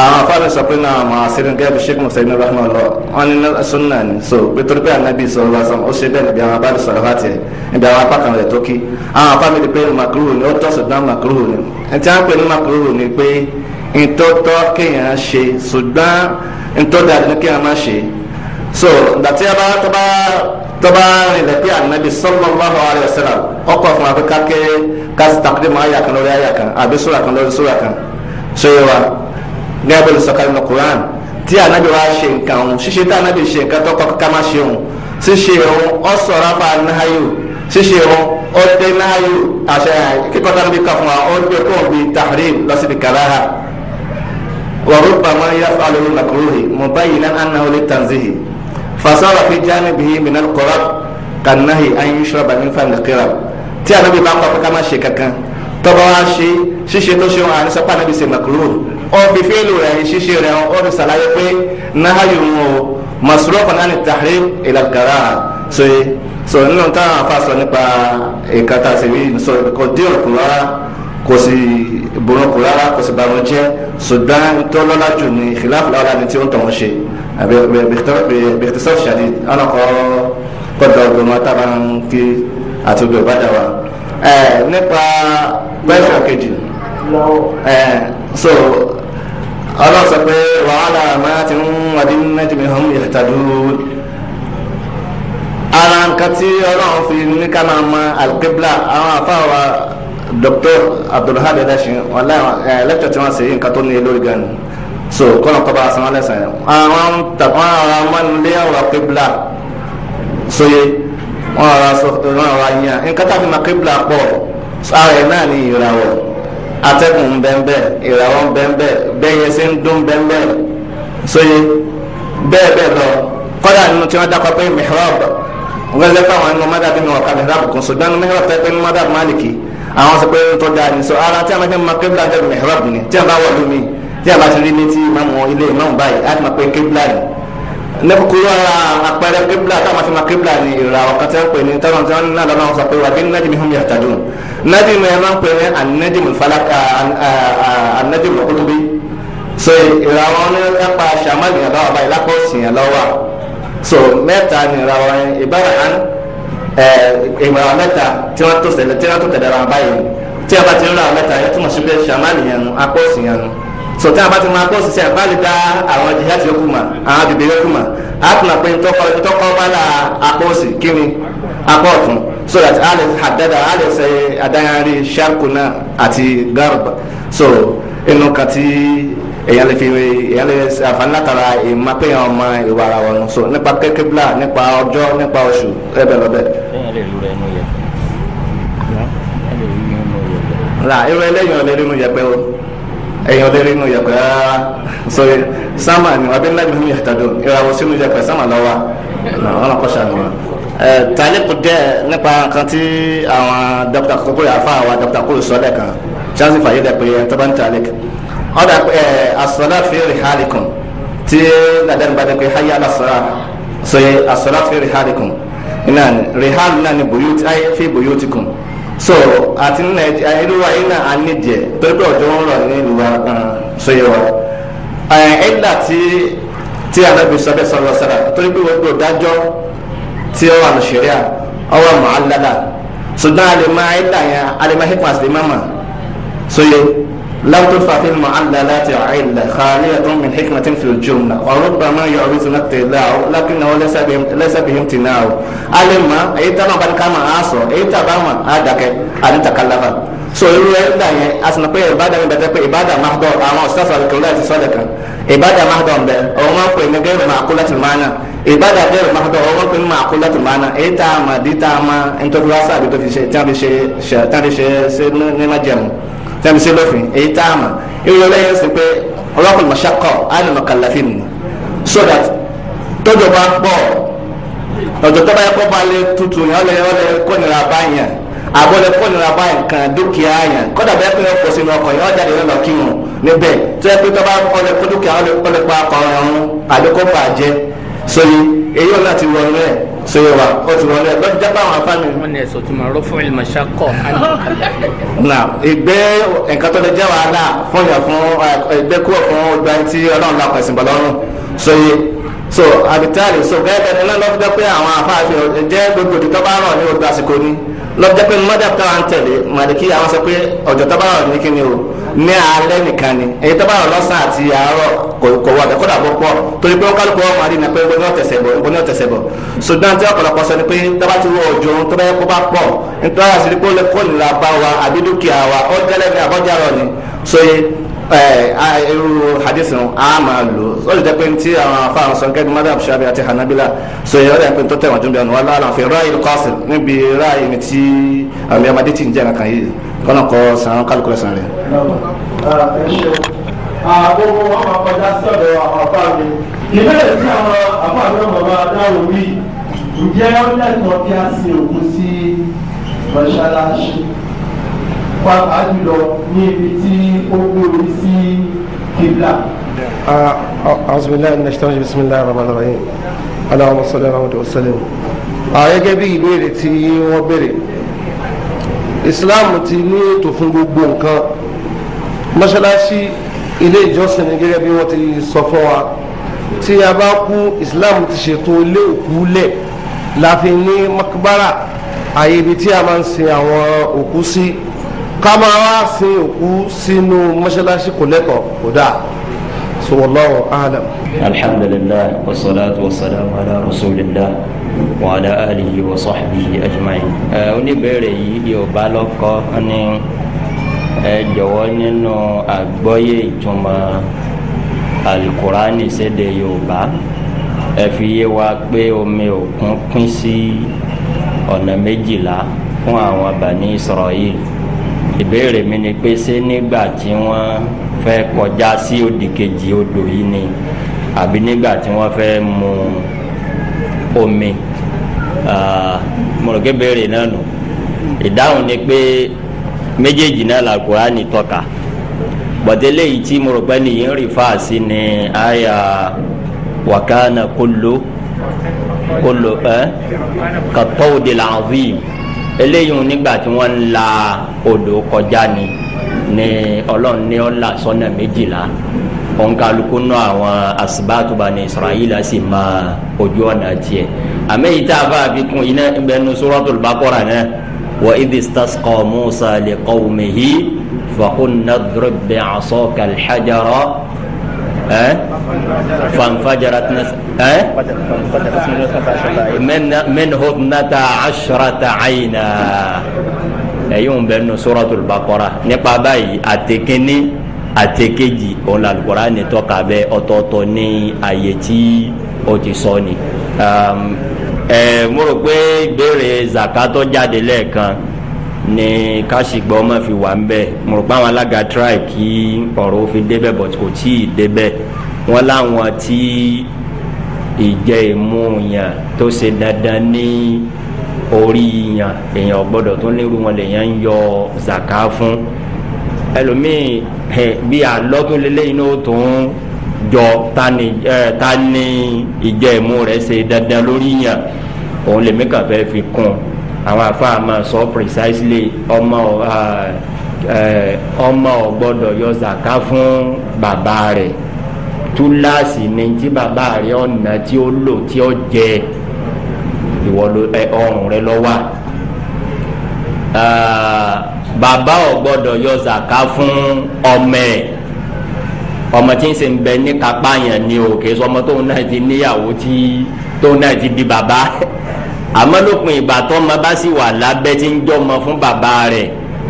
àwọn afáàlẹ̀ sọ pé náà àwọn àṣírí gẹ́gẹ́ bí sheikh rahman lọ wọn ní sunna ni so pétérì pé anabi sọ lásán ó ṣe bẹ́ẹ̀ níbi àwọn abáàlẹ̀ sọ̀rọ̀ láti ẹ̀ níbi àwọn apá kan rẹ̀ tó kí àwọn afáàlẹ̀ ti pé makruhu ni ó tọ́ ṣùgbọ́n makruhu ni ẹ̀ tí wọ́n pè ní makruhu ni pé ntọ́tọ́ kéèyàn ṣe ṣùgbọ́n ntọ́dà ni kéèyàn má ṣe so dàtí abá tọ́ba tọ́ba rìnlẹ̀ pé anabi sallallahu alayhi wa sallam ọkọ̀ fún abẹ́ká kẹ́ kásìtàkùdé mọ́ àyà kan lórí àyà kan àbí sóra kan lórí sóra kan ṣé yẹ gẹ́gẹ́ bó lè sọ̀kalẹ̀ nínú Quran tí anabi wa ṣe nǹkan ọ̀hún ṣíṣe tí anabi ṣe nǹkan tó kọ́ ká má ṣe ọ̀hún ṣíṣe ọ̀hún ọ̀sọ̀ rafa nahayo ṣíṣe ọ̀hún ọ̀dẹ nahayo àṣẹ kíkọ́ tá níbi kan fún wa ọ̀dẹ kò bí tahrim lọ́sibí kàlára wàrú bàmá yaf'alu makruhi mubayyinan annahu li tanzihi fasara bá ń kọ́ ká má ṣe kankan tọ́ba wa ṣe ṣíṣe tó ṣe wọn àní sọ́kpá ọ fi fíìlù rẹ̀ ṣíṣe rẹ̀ ọ fi ṣàlàyé pé nahayu ń o masuro kan náà ni tahrim ìlàkàrà so so nínú táwọn afa sọ nípa ìkàtà síbi sọ kò dín òkú rárá kò sì burúkú rárá kò sì bàmú jẹ ṣùgbọ́n tó lọ́lá jù ní khilaf lọ́la ni tí ó ń tọ̀ wọ́n ṣe bẹ̀tẹ̀sọ̀ ṣàdí ọ̀nà kọ́ kọ́dọ̀ ọgbọ̀n tábà ń kí àti ọgbọ̀n ìbàdàn wa eh, nípa pẹ́sàn kejì eh, so ọlọ́sọ pé wàhálà máa ti ń wàdí nẹ́tìmí hàn yẹ tàdú ara nǹkan tí ọlọ́run fi ní ká máa mọ alikébílà àwọn afáwa Dr. Abdulhadi Adashin ọ̀la eh, lẹ́kítọ̀ tí wọ́n ṣe nǹkan tó ní lórí gan so kọ́nà kọ́ba asan alẹ́sàn yẹn àwọn tàbọn ara wọn lé ọ̀rọ̀ kébílà sóye wọn ọ̀rọ̀ yẹn nǹkan tàbí ma kébílà pọ̀ sáré náà ní ìràwọ̀ atẹ́gùn ń bẹ́ńbẹ́ ìràwọ̀ ń bẹ́ńbẹ́ bẹ́yẹ sí ń dún bẹ́ńbẹ́ sóye bẹ́ẹ̀ bẹ́ẹ̀ lọ kọ́dà nínú tí wọ́n dákọ̀ pé mihrab wọ́n lé fáwọn ẹnu mọ́dàbí ni wọ́n ka mihrab kún ṣùgbọ́n nínú mihrab tẹ́ pé ní mọ́dàbí máàlìkì àwọn sọ pé tó dáa ní sọ ara tí a máa fi máa kébìlà jẹ́ mihrab ni tí a bá wọ̀ lómi tí a bá ti rí létí ìmáàmù ilé ìmáàmù báyìí á ti máa pé kébìlà ni lẹ́kọ̀ọ́ ara àpẹẹrẹ kébìlà táwọn afi ma kébìlà ni ìra ọ̀kan tẹ́ ń pè ní táwọn tẹ́ ń ná lọ́nà ọ̀sán pé wà bí nájì mi hùm yàtà dùn nájì mi ẹ̀ máa ń pè ní anájì mi falaka anájì mi lọ́kùtùbí so ìra wọn ní ẹ̀pa sàmàlì yàn lọ́wọ́ báyìí lápò òsì lọ́wọ́ so mẹ́ta ni ìra wọn ìbára hàn ìgbàlá mẹ́ta tí wọ́n tó tẹ̀lé tí wọ́n tó tẹ̀lé ra báyìí tí a bá ti ń ra mẹ́ta yẹn túmọ̀ sí pé sàmàlì yàn sọtí àwọn abátí máa bọ́ọ̀sì sí àbálẹ̀ dá àwọn jihad yòókù mà àwọn agbègbè yòókù mà á tún àpé ntọ́kọ bala apọ̀ òsì kíni apọ̀ ọ̀tún so that a lè àdáda a lè ṣe àdáyàrí ṣàkóná àti garba so inú kan tí èyàn lè fi èyàn lè àǹfààní látara ìmọ̀ pé èyàn ọmọ ìwà ara wọn so nípa kẹ́kẹ́bílà nípa ọjọ́ nípa oṣù ẹbẹ̀ lọ́bẹ̀. ra irun ẹlẹ́yìn ọ̀lẹ́rìnú yẹpẹ́ o ẹ̀yin ọdẹ nínú yàgbẹ́ rárá sọrí sáma ni wọn abẹ́ńlá mi yàtọ̀ dùn ìràwọ̀ sínú yàgbẹ́ sáma lọ́wọ́ wọn lọ kọ́ sànù wọn. tàlíkù dẹ́ nípa nǹkan tí àwọn dókítà kókó yà fún àwọn dókítà kúrò sọ́lẹ̀ kan chance fàyè dẹ̀ pé ẹ̀ tọ́ba ń tali. ọ̀dà as-salat fi rihalikum tí nàdẹ́nu bá dẹ́ pé hayya ala salat sọ yẹ as-salat fi rihalikum náà ni buyut ayé fi buyutikum so àti nàìjíríà irú wa yìí náà a nídìí ẹ̀ torí pé ọjọ́ ń rọ̀ ní ìlú wa kan so yẹ wa ẹ̀ẹ́dà tí tí anabi sọ́bẹ̀ sọ̀rọ̀ sára torí pé wọ́n gbọ́dọ̀ dájọ́ tí ó wà ní sẹ́ríà ó wà mọ́ àlàlà ṣùgbọ́n àlè máa ẹ̀ẹ́dà yẹn àlè máa hípa sí mọ́mọ́ so yẹ. لو ترفع في المعللات عله خالية من حكمة في الجملة وربما يعرضنا اطلاع لكنه ليس بهم ليس بهم تناو علم اي تبع بان كما اسو اي تبع ما ادك ان تكلف so irú ẹ ń dà yẹn asùnà pé ìbádà mi bẹ̀tẹ̀ pé ìbádà máa dọ̀ àwọn ọ̀sẹ̀fà kìlọ̀ àti sọ́dẹ̀ kan ìbádà máa dọ̀ bẹ̀ ọ̀rọ̀ máa pè ní gẹ́rù máa kú láti máa nà ìbádà gẹ́rù máa dọ̀ ọ̀rọ̀ máa pè ní máa kú láti máa nà èyí tá a mà dí tá a mà ń tọ́jú wá sáà bí tó fi ṣe tí wọ́n fi ṣe ṣe tí wọ́n fi ṣe ṣe ní májẹ̀mú tẹ́mi sí lófin èyí tá a mọ̀ ìròyìn ọlọ́yẹ sọ pé ọlọ́kùnrin mọ̀ṣákọ̀ ànàmọ̀ kàlàfin ni so that tọ́jọ́ bá pọ̀ ọ̀jọ̀ tó bá yẹ kó bá lé tutù yẹn ọlọ́yẹ ọlọ́yẹ kó nira bá yẹn àbọ̀lẹ̀ kó nira bá yẹn kan dúkìá yẹn kọ́dà bẹ́ẹ̀ pé wọ́n pọ̀ sínú ọkọ̀ yẹn ọjà lè lọ kírun níbẹ̀ tó yẹ pé tó bá ọlẹ́ kó dúkìá ọlẹ́ pa ọ̀run àbí kó bàjẹ́ sọyìn èyí ọ̀la ti wọ̀ ọ́nú ẹ̀ sọyìn wa ó ti wọ̀ ọ́nú ẹ̀ lọ́dún jábọ̀ àwọn afáàmì. wọn ni ẹ̀sọ́ tí fún ìlú mọ̀ṣá na ìgbẹ́ nǹkan tó lè jẹ́ wàhálà fún yà fún ẹgbẹ́ kúrò fún ọgbà tí ọlọ́run la pẹ̀sìn bọ̀ lọ́rùn so abitali so gẹ́gẹ́ ni lọ́dún jẹ́ pé àwọn afáàfin jẹ́ gbogbo òdì tó bá rọ̀ ní ogbà àsìkò ni lọ́dún jẹ́ pé mọ́dà táwọn tẹ̀lé màdìkí àwọn sọ pé ọ̀jọ̀ tó rọ̀ ní kíni o ní alẹ́ nìkan ni èyí tó bá rọ̀ lọ́sàn àti àárọ̀ kò wọ ọ̀dẹ kódà púpọ̀ torí pé kálukú ọmọ àrí ni pé ó ní ọ̀tẹ̀sẹ̀ bọ̀ ó ní ọ̀tẹ̀sẹ̀ bọ̀ ṣùgbọ́n tí ọ̀pọ̀lọpọ̀ sọ ni pé tọ́ba ti wọ òjò tó bá yẹ kó bá pọ̀ nítorí àti pé ó lè kó nira bá wa àbí dúkìá wa ó gẹ́lẹ́ ní àbọ̀járọ̀ ni so irú hadithin a máa lò ó lè jẹ́ pé tí àwọn afáàrùn sọ gẹ́gẹ́ madam shabi àti hanabila so ìyá ọ̀rẹ́ pé tó tẹ̀wọ̀n jùlọ ní wàhálà àfẹ́ ráàyè kọ́sìn níbi ráàyè mi tí àmì ọmọdé ti ń jẹ́ nǹkan yìí kọ́nà kọ́ sàn kálukú lẹ́sàn rẹ̀. àgbogbo wọn máa kọjá sọ́dọ̀ àwọn àbá mi ìbéèrè sí àwọn àbá mi náà bàbá adáwò wí ǹjẹ́ ó lẹ́tọ̀ọ́ kí a sin òkú sí mọ́ṣáláṣí pàápàá jùlọ ní ibi tí ó gbòòrò sí kíbla. أعوذ بالله من الشيطان بسم الله الرحمن الرحيم اللهم صل على محمد وسلم. gẹ́gẹ́ bí ìbéèrè tí wọ́n islam ti ní ètò fún gbogbo nǹkan mọ́ṣáláṣí ilé ìjọsìn ni gẹ́gẹ́ bí wọ́n ti sọ fún wa tí a bá kú islam ti ṣètò ilé òkú lẹ̀ láfi ní makbara àyè ibi tí a máa ń sin àwọn òkú sí ká máa wá sin òkú sínú mọ́ṣáláṣí kò lẹ́kọ̀ọ́ kò dáa so wallahu a'lam. alhamdulillah wasalaatu wasalaamu ala rasulillah wa ala alihi wa sahbihi ajma'in. ẹ oníbẹ̀rẹ̀ yìí yóò bá lọ́kọ́ ẹni ẹ jọ̀wọ́ nínú àgbọ́yé ìtumọ̀ alukurani sédè yorùbá ẹ fi yé wa pé omi òkun pín sí ọ̀nà méjìlá fún àwọn bani israel ìbéèrè mi ni pé ṣé nígbà tí wọ́n fẹ́ kọjá sí òdì kejì odò yìí ni àbí nígbà tí wọ́n fẹ́ mu omi mọ̀rọ̀kẹ́ béèrè náà nù ìdáhùn ni pé méjèèjì náà ni tọ́ka bọ̀délé yìí tí mọ̀rọ̀kẹ́ nìyí ń rí fáàsì ni àyà wàkánà kóló kóló ẹ kàtọ́wòdì làwọn fíìmù eléyìí nígbà tí wọ́n ń la odò kọjá ni ni ọlọ́run ní ọ́ là sọ́nà méjìlá ònkàlùkù náà àwọn asibátuba ní israẹla sì ma ojú ọ̀nà tiẹ̀ àmì yìí tá a fà fi kún iná ìbẹnu suratul baqara náà wa idh istasqa musa liqawmihi fa qulna idrib bi'asaka al-hajara ẹ eh? fanfajara tina eh? ẹ mẹnhot nata asharata ayina ẹyin eh, bẹ nu suratul baqara nípa báyìí àtẹkẹni àtẹkẹjì òun la Al-Qur'ani ni tọ́ka bẹ ọ̀tọ̀ọ̀tọ̀ ní àyè tí o ti sọ ni. ẹ mo rò pé ìbéèrè zakatọ jáde lẹ́ẹ̀kan ni kásìgbọ́ ọmọ fi wà ń bẹ̀ mo rò pé àwọn alága try kí ọ̀rọ̀ ó fi débẹ̀ but kò tí ì débẹ̀ wọ́n láwọn tí ìjẹ́ ìmú yàn tó ṣe dandan ní orí yàn èèyàn gbọ́dọ̀ tó lérò wọn lèèyàn ń yọ zaka fún ẹlòmíì bí àlọ́ lélẹ́yìn náà tó ń jọ tani ìjẹ́ ìmú rẹ̀ ṣe dandan lórí yàn òun lèmi kàn fi kún un àwọn àfáà máa sọ precisely ọmọ ọmọ ọgbọ́dọ̀ yọ zaka fún bàbá rẹ̀ túláàsì ni tí bàbá rẹ̀ ọ̀nà tí ó lò tí ó jẹ ìwọ ọrùn rẹ̀ lọ́wọ́ bàbá ọgbọ́dọ̀ yọ zaka fún ọmọ ẹ̀ ọmọ tí ń ṣe ń bẹ ní kápá yẹn ni o kì í sọ tóun náà ti níyàwó tí tóun náà ti di bàbá àmọ́ lópin ìgbà tó ọmọ bá sì wà lábẹ́ tí ń jọmọ fún bàbá rẹ̀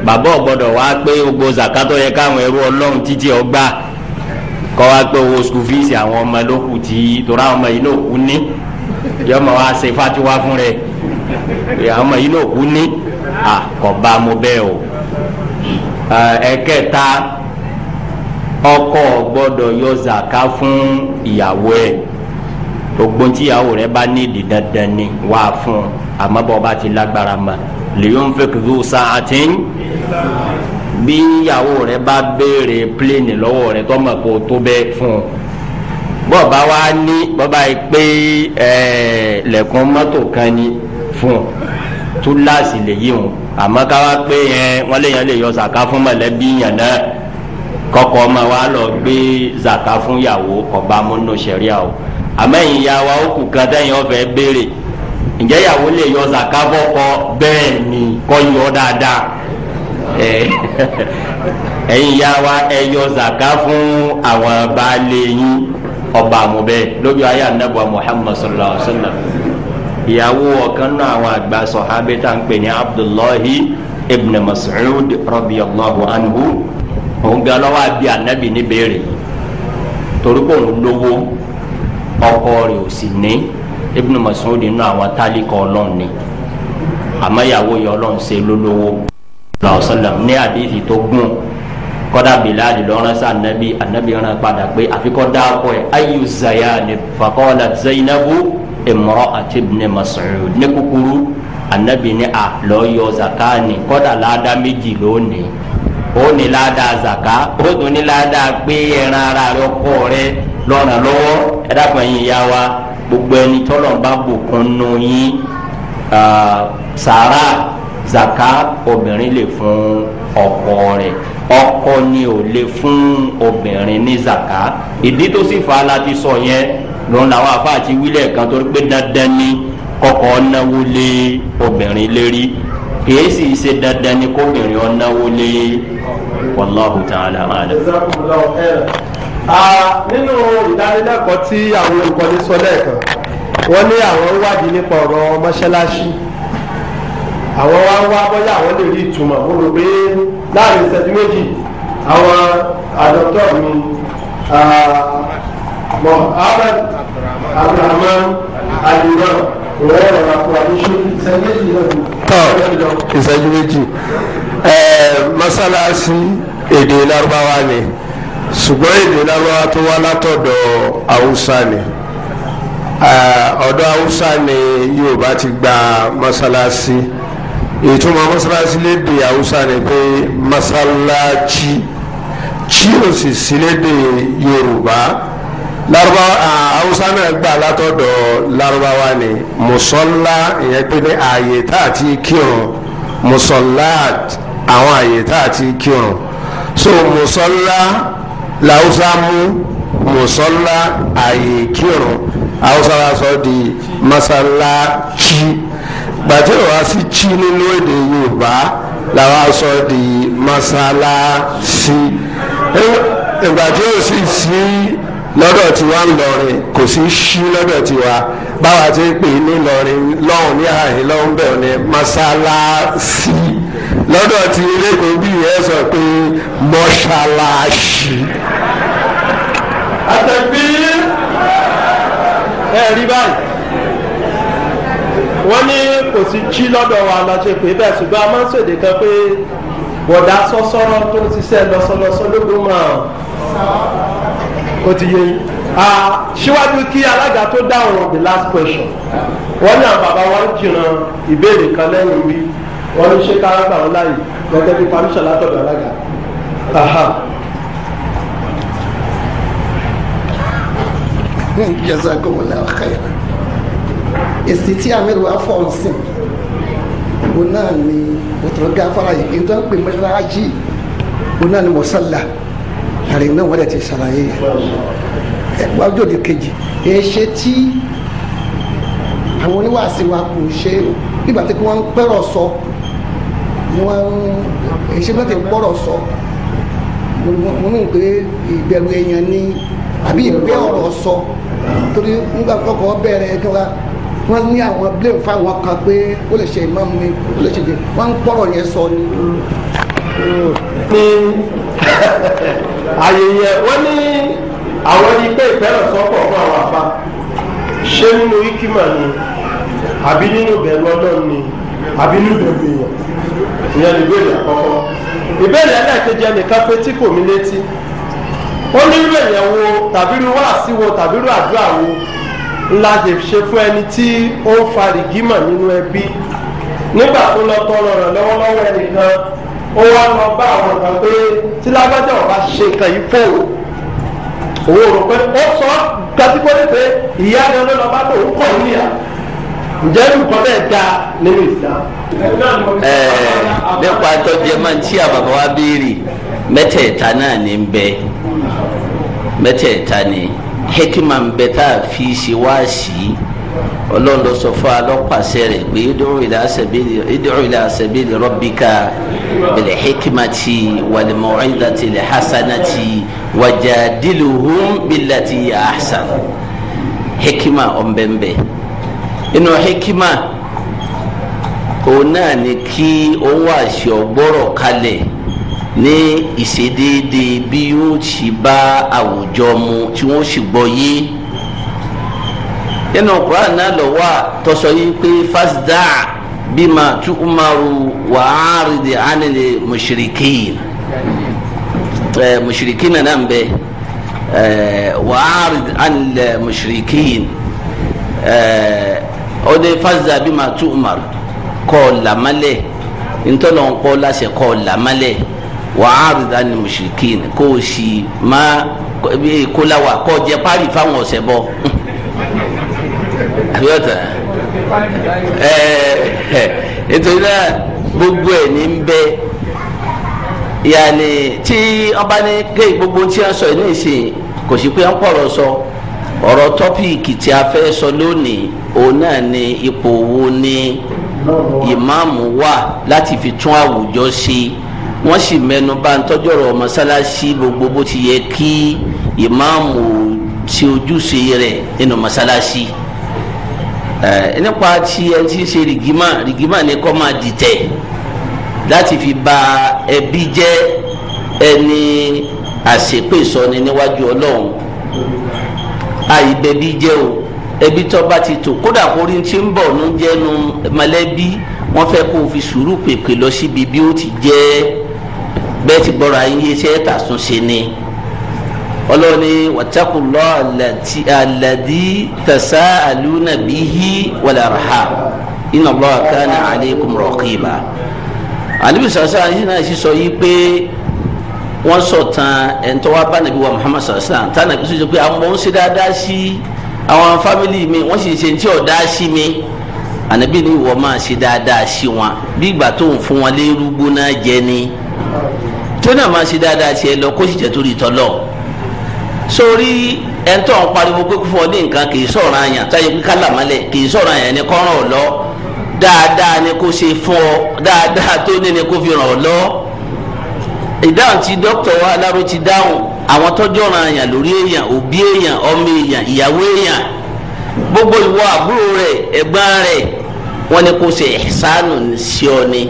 bàbá ọ̀gbọ́dọ̀ wá pé gbogbo zakatọ̀ yẹ káwọn ẹrú ọlọ́run títí ọgbà kọ́ wá pé owó school fees àwọn ọmọ ló kù tí torí àwọn ọmọ yìí náà kú ní yọ ọmọ wa ṣe fatiwa fún rẹ àwọn ọmọ yìí náà kú ní àkọ́bá mo bẹ́ẹ̀ o ẹ̀kẹta ọkọ gbọ́dọ̀ yọ zaka fún ìyàwó ẹ̀ gbogbo tí ìyàwó rẹ bá ní ìdí dandan ni wà á fún un àmọ́ bọ́ bá ti lágbára mọ́ lèyọ́n fẹ́ kí ló sa àti ń bí ìyàwó rẹ bá béèrè pléènì lọ́wọ́ rẹ tọ́ mọ̀ kó o tó bẹ́ẹ̀ fún un bọ́ọ̀bá wa ní bọ́ọ̀bá yìí pé eh, lẹ̀kùn mọ́tò kan ni fún un túláàsì lèyí o àmọ́ ká wá pé yẹn eh, wọ́n lè yàn lè yọ zaka fún mọ̀lẹ́bí yàn náà kọ́kọ́ ọmọ wa lọ gbé zaka fún yàwó ọba múnú sẹ̀ríà o àmọ́ ẹ̀yin ya wa ó kù kan tẹ́yìn ọ̀fẹ́ béèrè ǹjẹ́ ìyàwó lè yọ zaka bọ́kọ bẹ́ẹ̀ ni kọ́ yọ dáadáa ẹ̀yin ya ẹ yọ zaka fún àwọn baálé yín ọba àmúbẹ́ lójú ayé anabu muhammad sallallahu alaihi wa sallam ìyàwó ọ̀kan náà àwọn àgbà sọ̀hábẹ́ tá à ń pè ní abdullahi ibn mas'ud radiyallahu anhu òun gan lọ́wọ́ àbí anabi níbẹ̀rẹ̀ torí pé òun lówó ọkọ rẹ̀ ò sì ní Ibn Mas'ud nínú àwọn tálíkà ọlọ́run ni àmọ́ ìyàwó yẹ ọlọ́run ṣe lólówó lọ́sọ̀lọ́m ní àdéhìí tó gùn kọ́dà Bilal lọ́rọ́sà anabi anabi rán padà pé àfikọ́ dáàkọ́ ẹ̀ ayu zayani faqalat Zainabu imra'ati Ibn Mas'ud ní kúkúrú anabi ní a lọ́ọ́ yọ zakani kọ́dà láàdá méjì lónìí ó ní ládàá zaka ó tún ní ládàá pé ẹran ara rẹ ọkọ rẹ lọ́nà lọ́wọ́ ẹ dákun ẹ̀yin ìyá wa gbogbo ẹni tọ́lọ̀ bá bùkún nù yín sàrà zaka obìnrin lè fún ọkọ rẹ ọkọ ni ò lè fún obìnrin ní zaka ìdí tó sì fa láti sọ yẹn lòun làwọn afa àti wílẹ̀ kan torí pé dandan ni kọ́kọ́ náwó lé obìnrin lérí kìí sì ṣe dandan ni kóbìnrin ọ̀nàwó lé wàláhù ta'ala àlẹ. nínú ìdánilẹ́kọ̀ọ́ tí àwọn olùkọ́ni sọ lẹ́ẹ̀kan wọ́n ní àwọn ń wádìí nípa ọ̀rọ̀ mọ́ṣáláṣí àwọn wá ń wá bọ́yá àwọn lè rí ìtumọ̀ mo rò pé láàrin ìṣẹ́jú méjì àwọn àdọ́tọ̀ mi mohammed abdulrahman alimam ìṣẹ́jú méjì masalasi èdè lárúbáwá ni ṣùgbọ́n èdè lárúbáwá tó wá látọ̀dọ̀ haúsá ni ọ̀dọ̀ haúsá ni yorùbá ti gba mọ́sálásí ìtumọ̀ masalasi. lédè haúsá ni pé mọ́sálájí tí ò sì sí lédè yorùbá. Lárúbáwá Haúsá náà gbà látọ̀dọ̀ Lárúbáwá ni mùsọ́lá ìyẹn pé ní ààyè tá a ti kírun mùsọ́lá àwọn ààyè tá a ti kírun so mùsọ́lá làwùsá mú mùsọ́lá ààyè kírun Haúsá wa sọ di mọ́sálásí gbàtí wàá sí chi nínú èdè Yorùbá làwa sọ di mọ́sálásí ìgbà tí ó sì sí lọ́dọ̀ tí wọ́n ń lọrin kò sí ṣí lọ́dọ̀ tí wa báwa ti ń pè ní lọrin lọ́hùn ní àárín lọ́hùn bẹ́ẹ̀ ni mọ́sálásí lọ́dọ̀ tí iléèkó bí ẹ sọ pé mọ́ṣáláṣí. àtẹ̀bí ẹ rí báyìí wọ́n ní kò sí jí lọ́dọ̀ wa la ṣe pé bẹ́ẹ̀ ṣùgbọ́n a máa ń ṣèdè kan pé bọ̀dá sọ́sọ́rọ́ tó ń ṣiṣẹ́ lọ́sọlọ́sọ lógún mọ́ ó ti yé yín síwájú kí alága tó dá the last question wọ́n ní àwọn bàbá wa ń jìran ìbéèrè kan lẹ́yìn bí wọ́n ní ṣé kára gbà wọ́n láàyè gẹ́gẹ́ bí pàmíṣàn látọ̀dọ̀ alága. jazakumullahu khairan èsì tí amir wa fọ nsìn òun náà ni òtún gáfárà yìí nítorí pé mẹsàájì òun náà ni mọ̀sálà àrè náà wọ́n dẹ̀ ti ṣàlàyé ẹgbẹ́ ọjọ́ òde kejì èé ṣe tí àwọn oníwàásí wa kò ṣe nígbà tí wọ́n ń pẹ́rọ̀ sọ ni wọ́n ń èé ṣe bí wọ́n ti ń pọ̀rọ̀ sọ mo ní pé ìbẹ̀rù èèyàn ni àbí ìgbẹ́ ọ̀rọ̀ sọ torí nígbà kọ́kọ́ bẹ̀rẹ̀ kí wọ́n wọ́n ní àwọn blame fáwọn kan pé ó lè ṣe imam mi ó lè ṣe jẹ wọ́n ń pọ̀rọ̀ yẹn sọ ni àyẹ̀yẹ wọ́n ní àwọn ní pé ìfẹ́ràn sọ́pọ̀ fún àwọn àfa ṣé nínú ikima ni àbí nínú bẹ̀rù ọlọ́run ni àbí nínú bẹ̀rù èèyàn ìyẹn ní ìbéèrè àkọ́kọ́ ìbéèrè ẹlẹ́ẹ̀kejì ẹnìkan pé tí kò mí létí ó ní irú èèyàn wo tàbí irú wáàsí wo tàbí irú àdúrà wo ńlá lè ṣe fún ẹni tí ó ń fa nínú ẹbí nígbà tó lọ tọrọ rẹ̀ lọ́wọ́lọ́wọ́ ẹnìkan ó wá lọ bá àwọn kan pé tí lágbájá ọba ṣe nǹkan yìí fò owó rò pé ó sọ kátìkọ́lé pé ìyá ni ọlọ́lọ́ bá tó ń kọ̀ níyà ǹjẹ́ nǹkan bẹ́ẹ̀ dáa nínú ìsá. nípa tọ́jú ẹ máa ń tí àbàbà wa béèrè mẹ́tẹ̀ẹ̀ta náà ní bẹ mẹ́tẹ̀ẹ̀ta ni hekima ń bẹ tá a fi ṣe wá sí i ọlọ́run ló sọ fún alọ́pàṣẹ rẹ̀ pé id'u ila sabili id'u ila sabili rabbika bil hikmati wal maw'izati l hasanati wajadiluhum billati hiya ahsan hikima ọ̀nbẹ̀nbẹ̀ inú hikima òun náà ni kí òun wá ṣe ọgbọ́rọ̀ kalẹ̀ ní ìṣedéédéé bí yóò ṣe bá àwùjọ mu tí wọ́n sì gbọ́ yé nínú Qur'an náà lọ wà tọ́sọ yìí pé fasda bima tu'maru wa aridi anil mushrikin ẹ mushrikin nana ń bẹ ẹ wa aridi anil mushrikin ẹ ọdẹ fasda bima tu'maru kọ́ lamalẹ̀ ntọ́lọ̀ ń kọ́ láṣẹ kọ́ lamalẹ̀ wàhálà ni kò sí má kóláwa kọ́ jẹ pari fáwọn ọ̀sẹ̀ bọ́ àbíọ̀tà nítorí náà gbogbo ẹ ní ń bẹ yàní tí ọba gbogbo tí a sọ ní ìsìn kò sí pé sọ ọ̀rọ̀ tọ́píìkì tí a fẹ́ sọ lónìí òun náà ni ipò wo ni ìmáàmù wà láti fi tún àwùjọ ṣe wọ́n sì mẹ́nu bá ń tọ́jú gbogbo bó ti yẹ kí ìmáàmù ṣe ojúṣe rẹ̀ nínú mọ́sálásí. No nípa tí ẹni tí ń ṣe rìgímà rìgímà ni kọ́ máa dìtẹ̀ láti fi ba ẹbí jẹ́ ẹni àṣepè sọni níwájú ọlọ́run àìbẹ̀bí jẹ́ o ẹbí tó bá ti tò kódà orin tí ń bọ̀ ló ń jẹ́nu mọ̀lẹ́bí wọ́n fẹ́ kó o fi sùúrù pèpè lọ síbi bí ó ti jẹ́ bẹ́ẹ̀ ti gbọ́ra ayé ṣe é tàtúnṣe ni ọlọ́ni wàtẹ́kùlọ́ alẹ́dí tẹ̀sá alúnàbíyí wàlàrà iná lọ́wọ́ kánà aleikum rọ̀kìbà. alibi sàṣà yìí náà sì sọ yìí pé wọ́n sọ tán ẹ̀ńtọ́ wa bá nàbí wa muhammad sàṣà tán nàbí sọ pé àwọn ń ṣe dáadáa sí àwọn fámìlì mi wọ́n sì ṣe tí ò dá sí mi ànàbí ni wọ́n máa ṣe dáadáa sí wọn bí ìgbà tó ń fún wọn lérúgbó náà jẹ ni tó náà máa ṣe dáadáa tiẹ̀ lọ kó sì jẹ́ torí tọ́lọ́ọ̀ sórí ẹ̀ńtọ́ ń pariwo pé kó fún ọ ní nǹkan kì í sọ̀rọ̀ àyàn táyé pé kálàmálẹ̀ kì í sọ̀rọ̀ àyàn ni kọ́ ràn ọ́ ni kó ṣe fún ọ dáadáa tó ni kó fi ràn ọ́ ìdáhùn tí dókítà wa aláró ti dáhùn àwọn tọ́jú ọ̀ràn àyàn lórí èèyàn òbí èèyàn ọmọ èèyàn ìyàwó èèyàn gbogbo ìwọ àbúrò rẹ ẹ̀gbọ́n rẹ wọn ni kó ṣe ẹ̀sánù sí ọ ni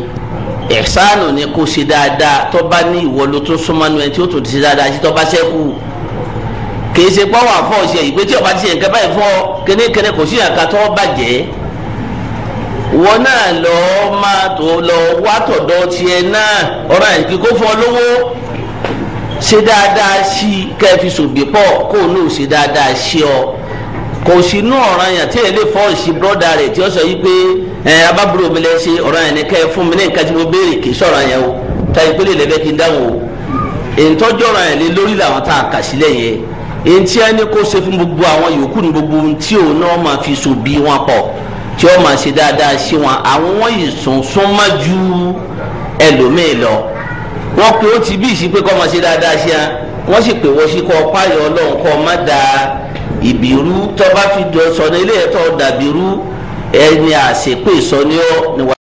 ẹ̀sánù ni kó ṣe dáadáa tó bá ní ìwọ ló tún súnmọ́ ti ṣe dáadáa sí tó bá ṣẹ́kù kìí ṣe pọ́ wà fọ́ ṣe tí ọba ti ṣe nǹkan báyìí fọ́ kínníkínní kò sí àká tó bàjẹ́ wọn náà lọ máa tó lọ wá tọ̀dọ̀ tiẹ̀ náà ọ̀rọ̀ àyìnkí kó fọ́ lówó ṣe dáadáa sí i pọ̀ kó o náà ṣe ọ kò sí inú ọ̀ràn yẹn tí fọ́ bọ́dà rẹ̀ tí ó sọ ẹ abábúrò mi lẹ ṣe fún mi ní nǹkan tí mo béèrè kì í sọ̀rọ̀ yẹn o ta ìpínlẹ̀ kí o yẹn lórí làwọn tá a kà sílẹ̀ ntí ẹni kó ṣe fún gbogbo àwọn yòókù ní gbogbo ntí òun náà máa fi so bí wọn pọ̀ tí ó máa ṣe dáadáa sí wọn àwọn yìí sùn súnmọ́ ju ẹlòmíì lọ wọ́n pe ó ti bí ìsí pé kọ́ máa se dáadáa sí wọn wọ́n sì pè wọ́n sí kọ́ páyọ̀ ọlọ́run kọ́ má da ìbírú tó bá fi sọ̀nà ilé ẹ̀tọ́ dàbírú ẹni àṣepè sọ ní ọ níwájú.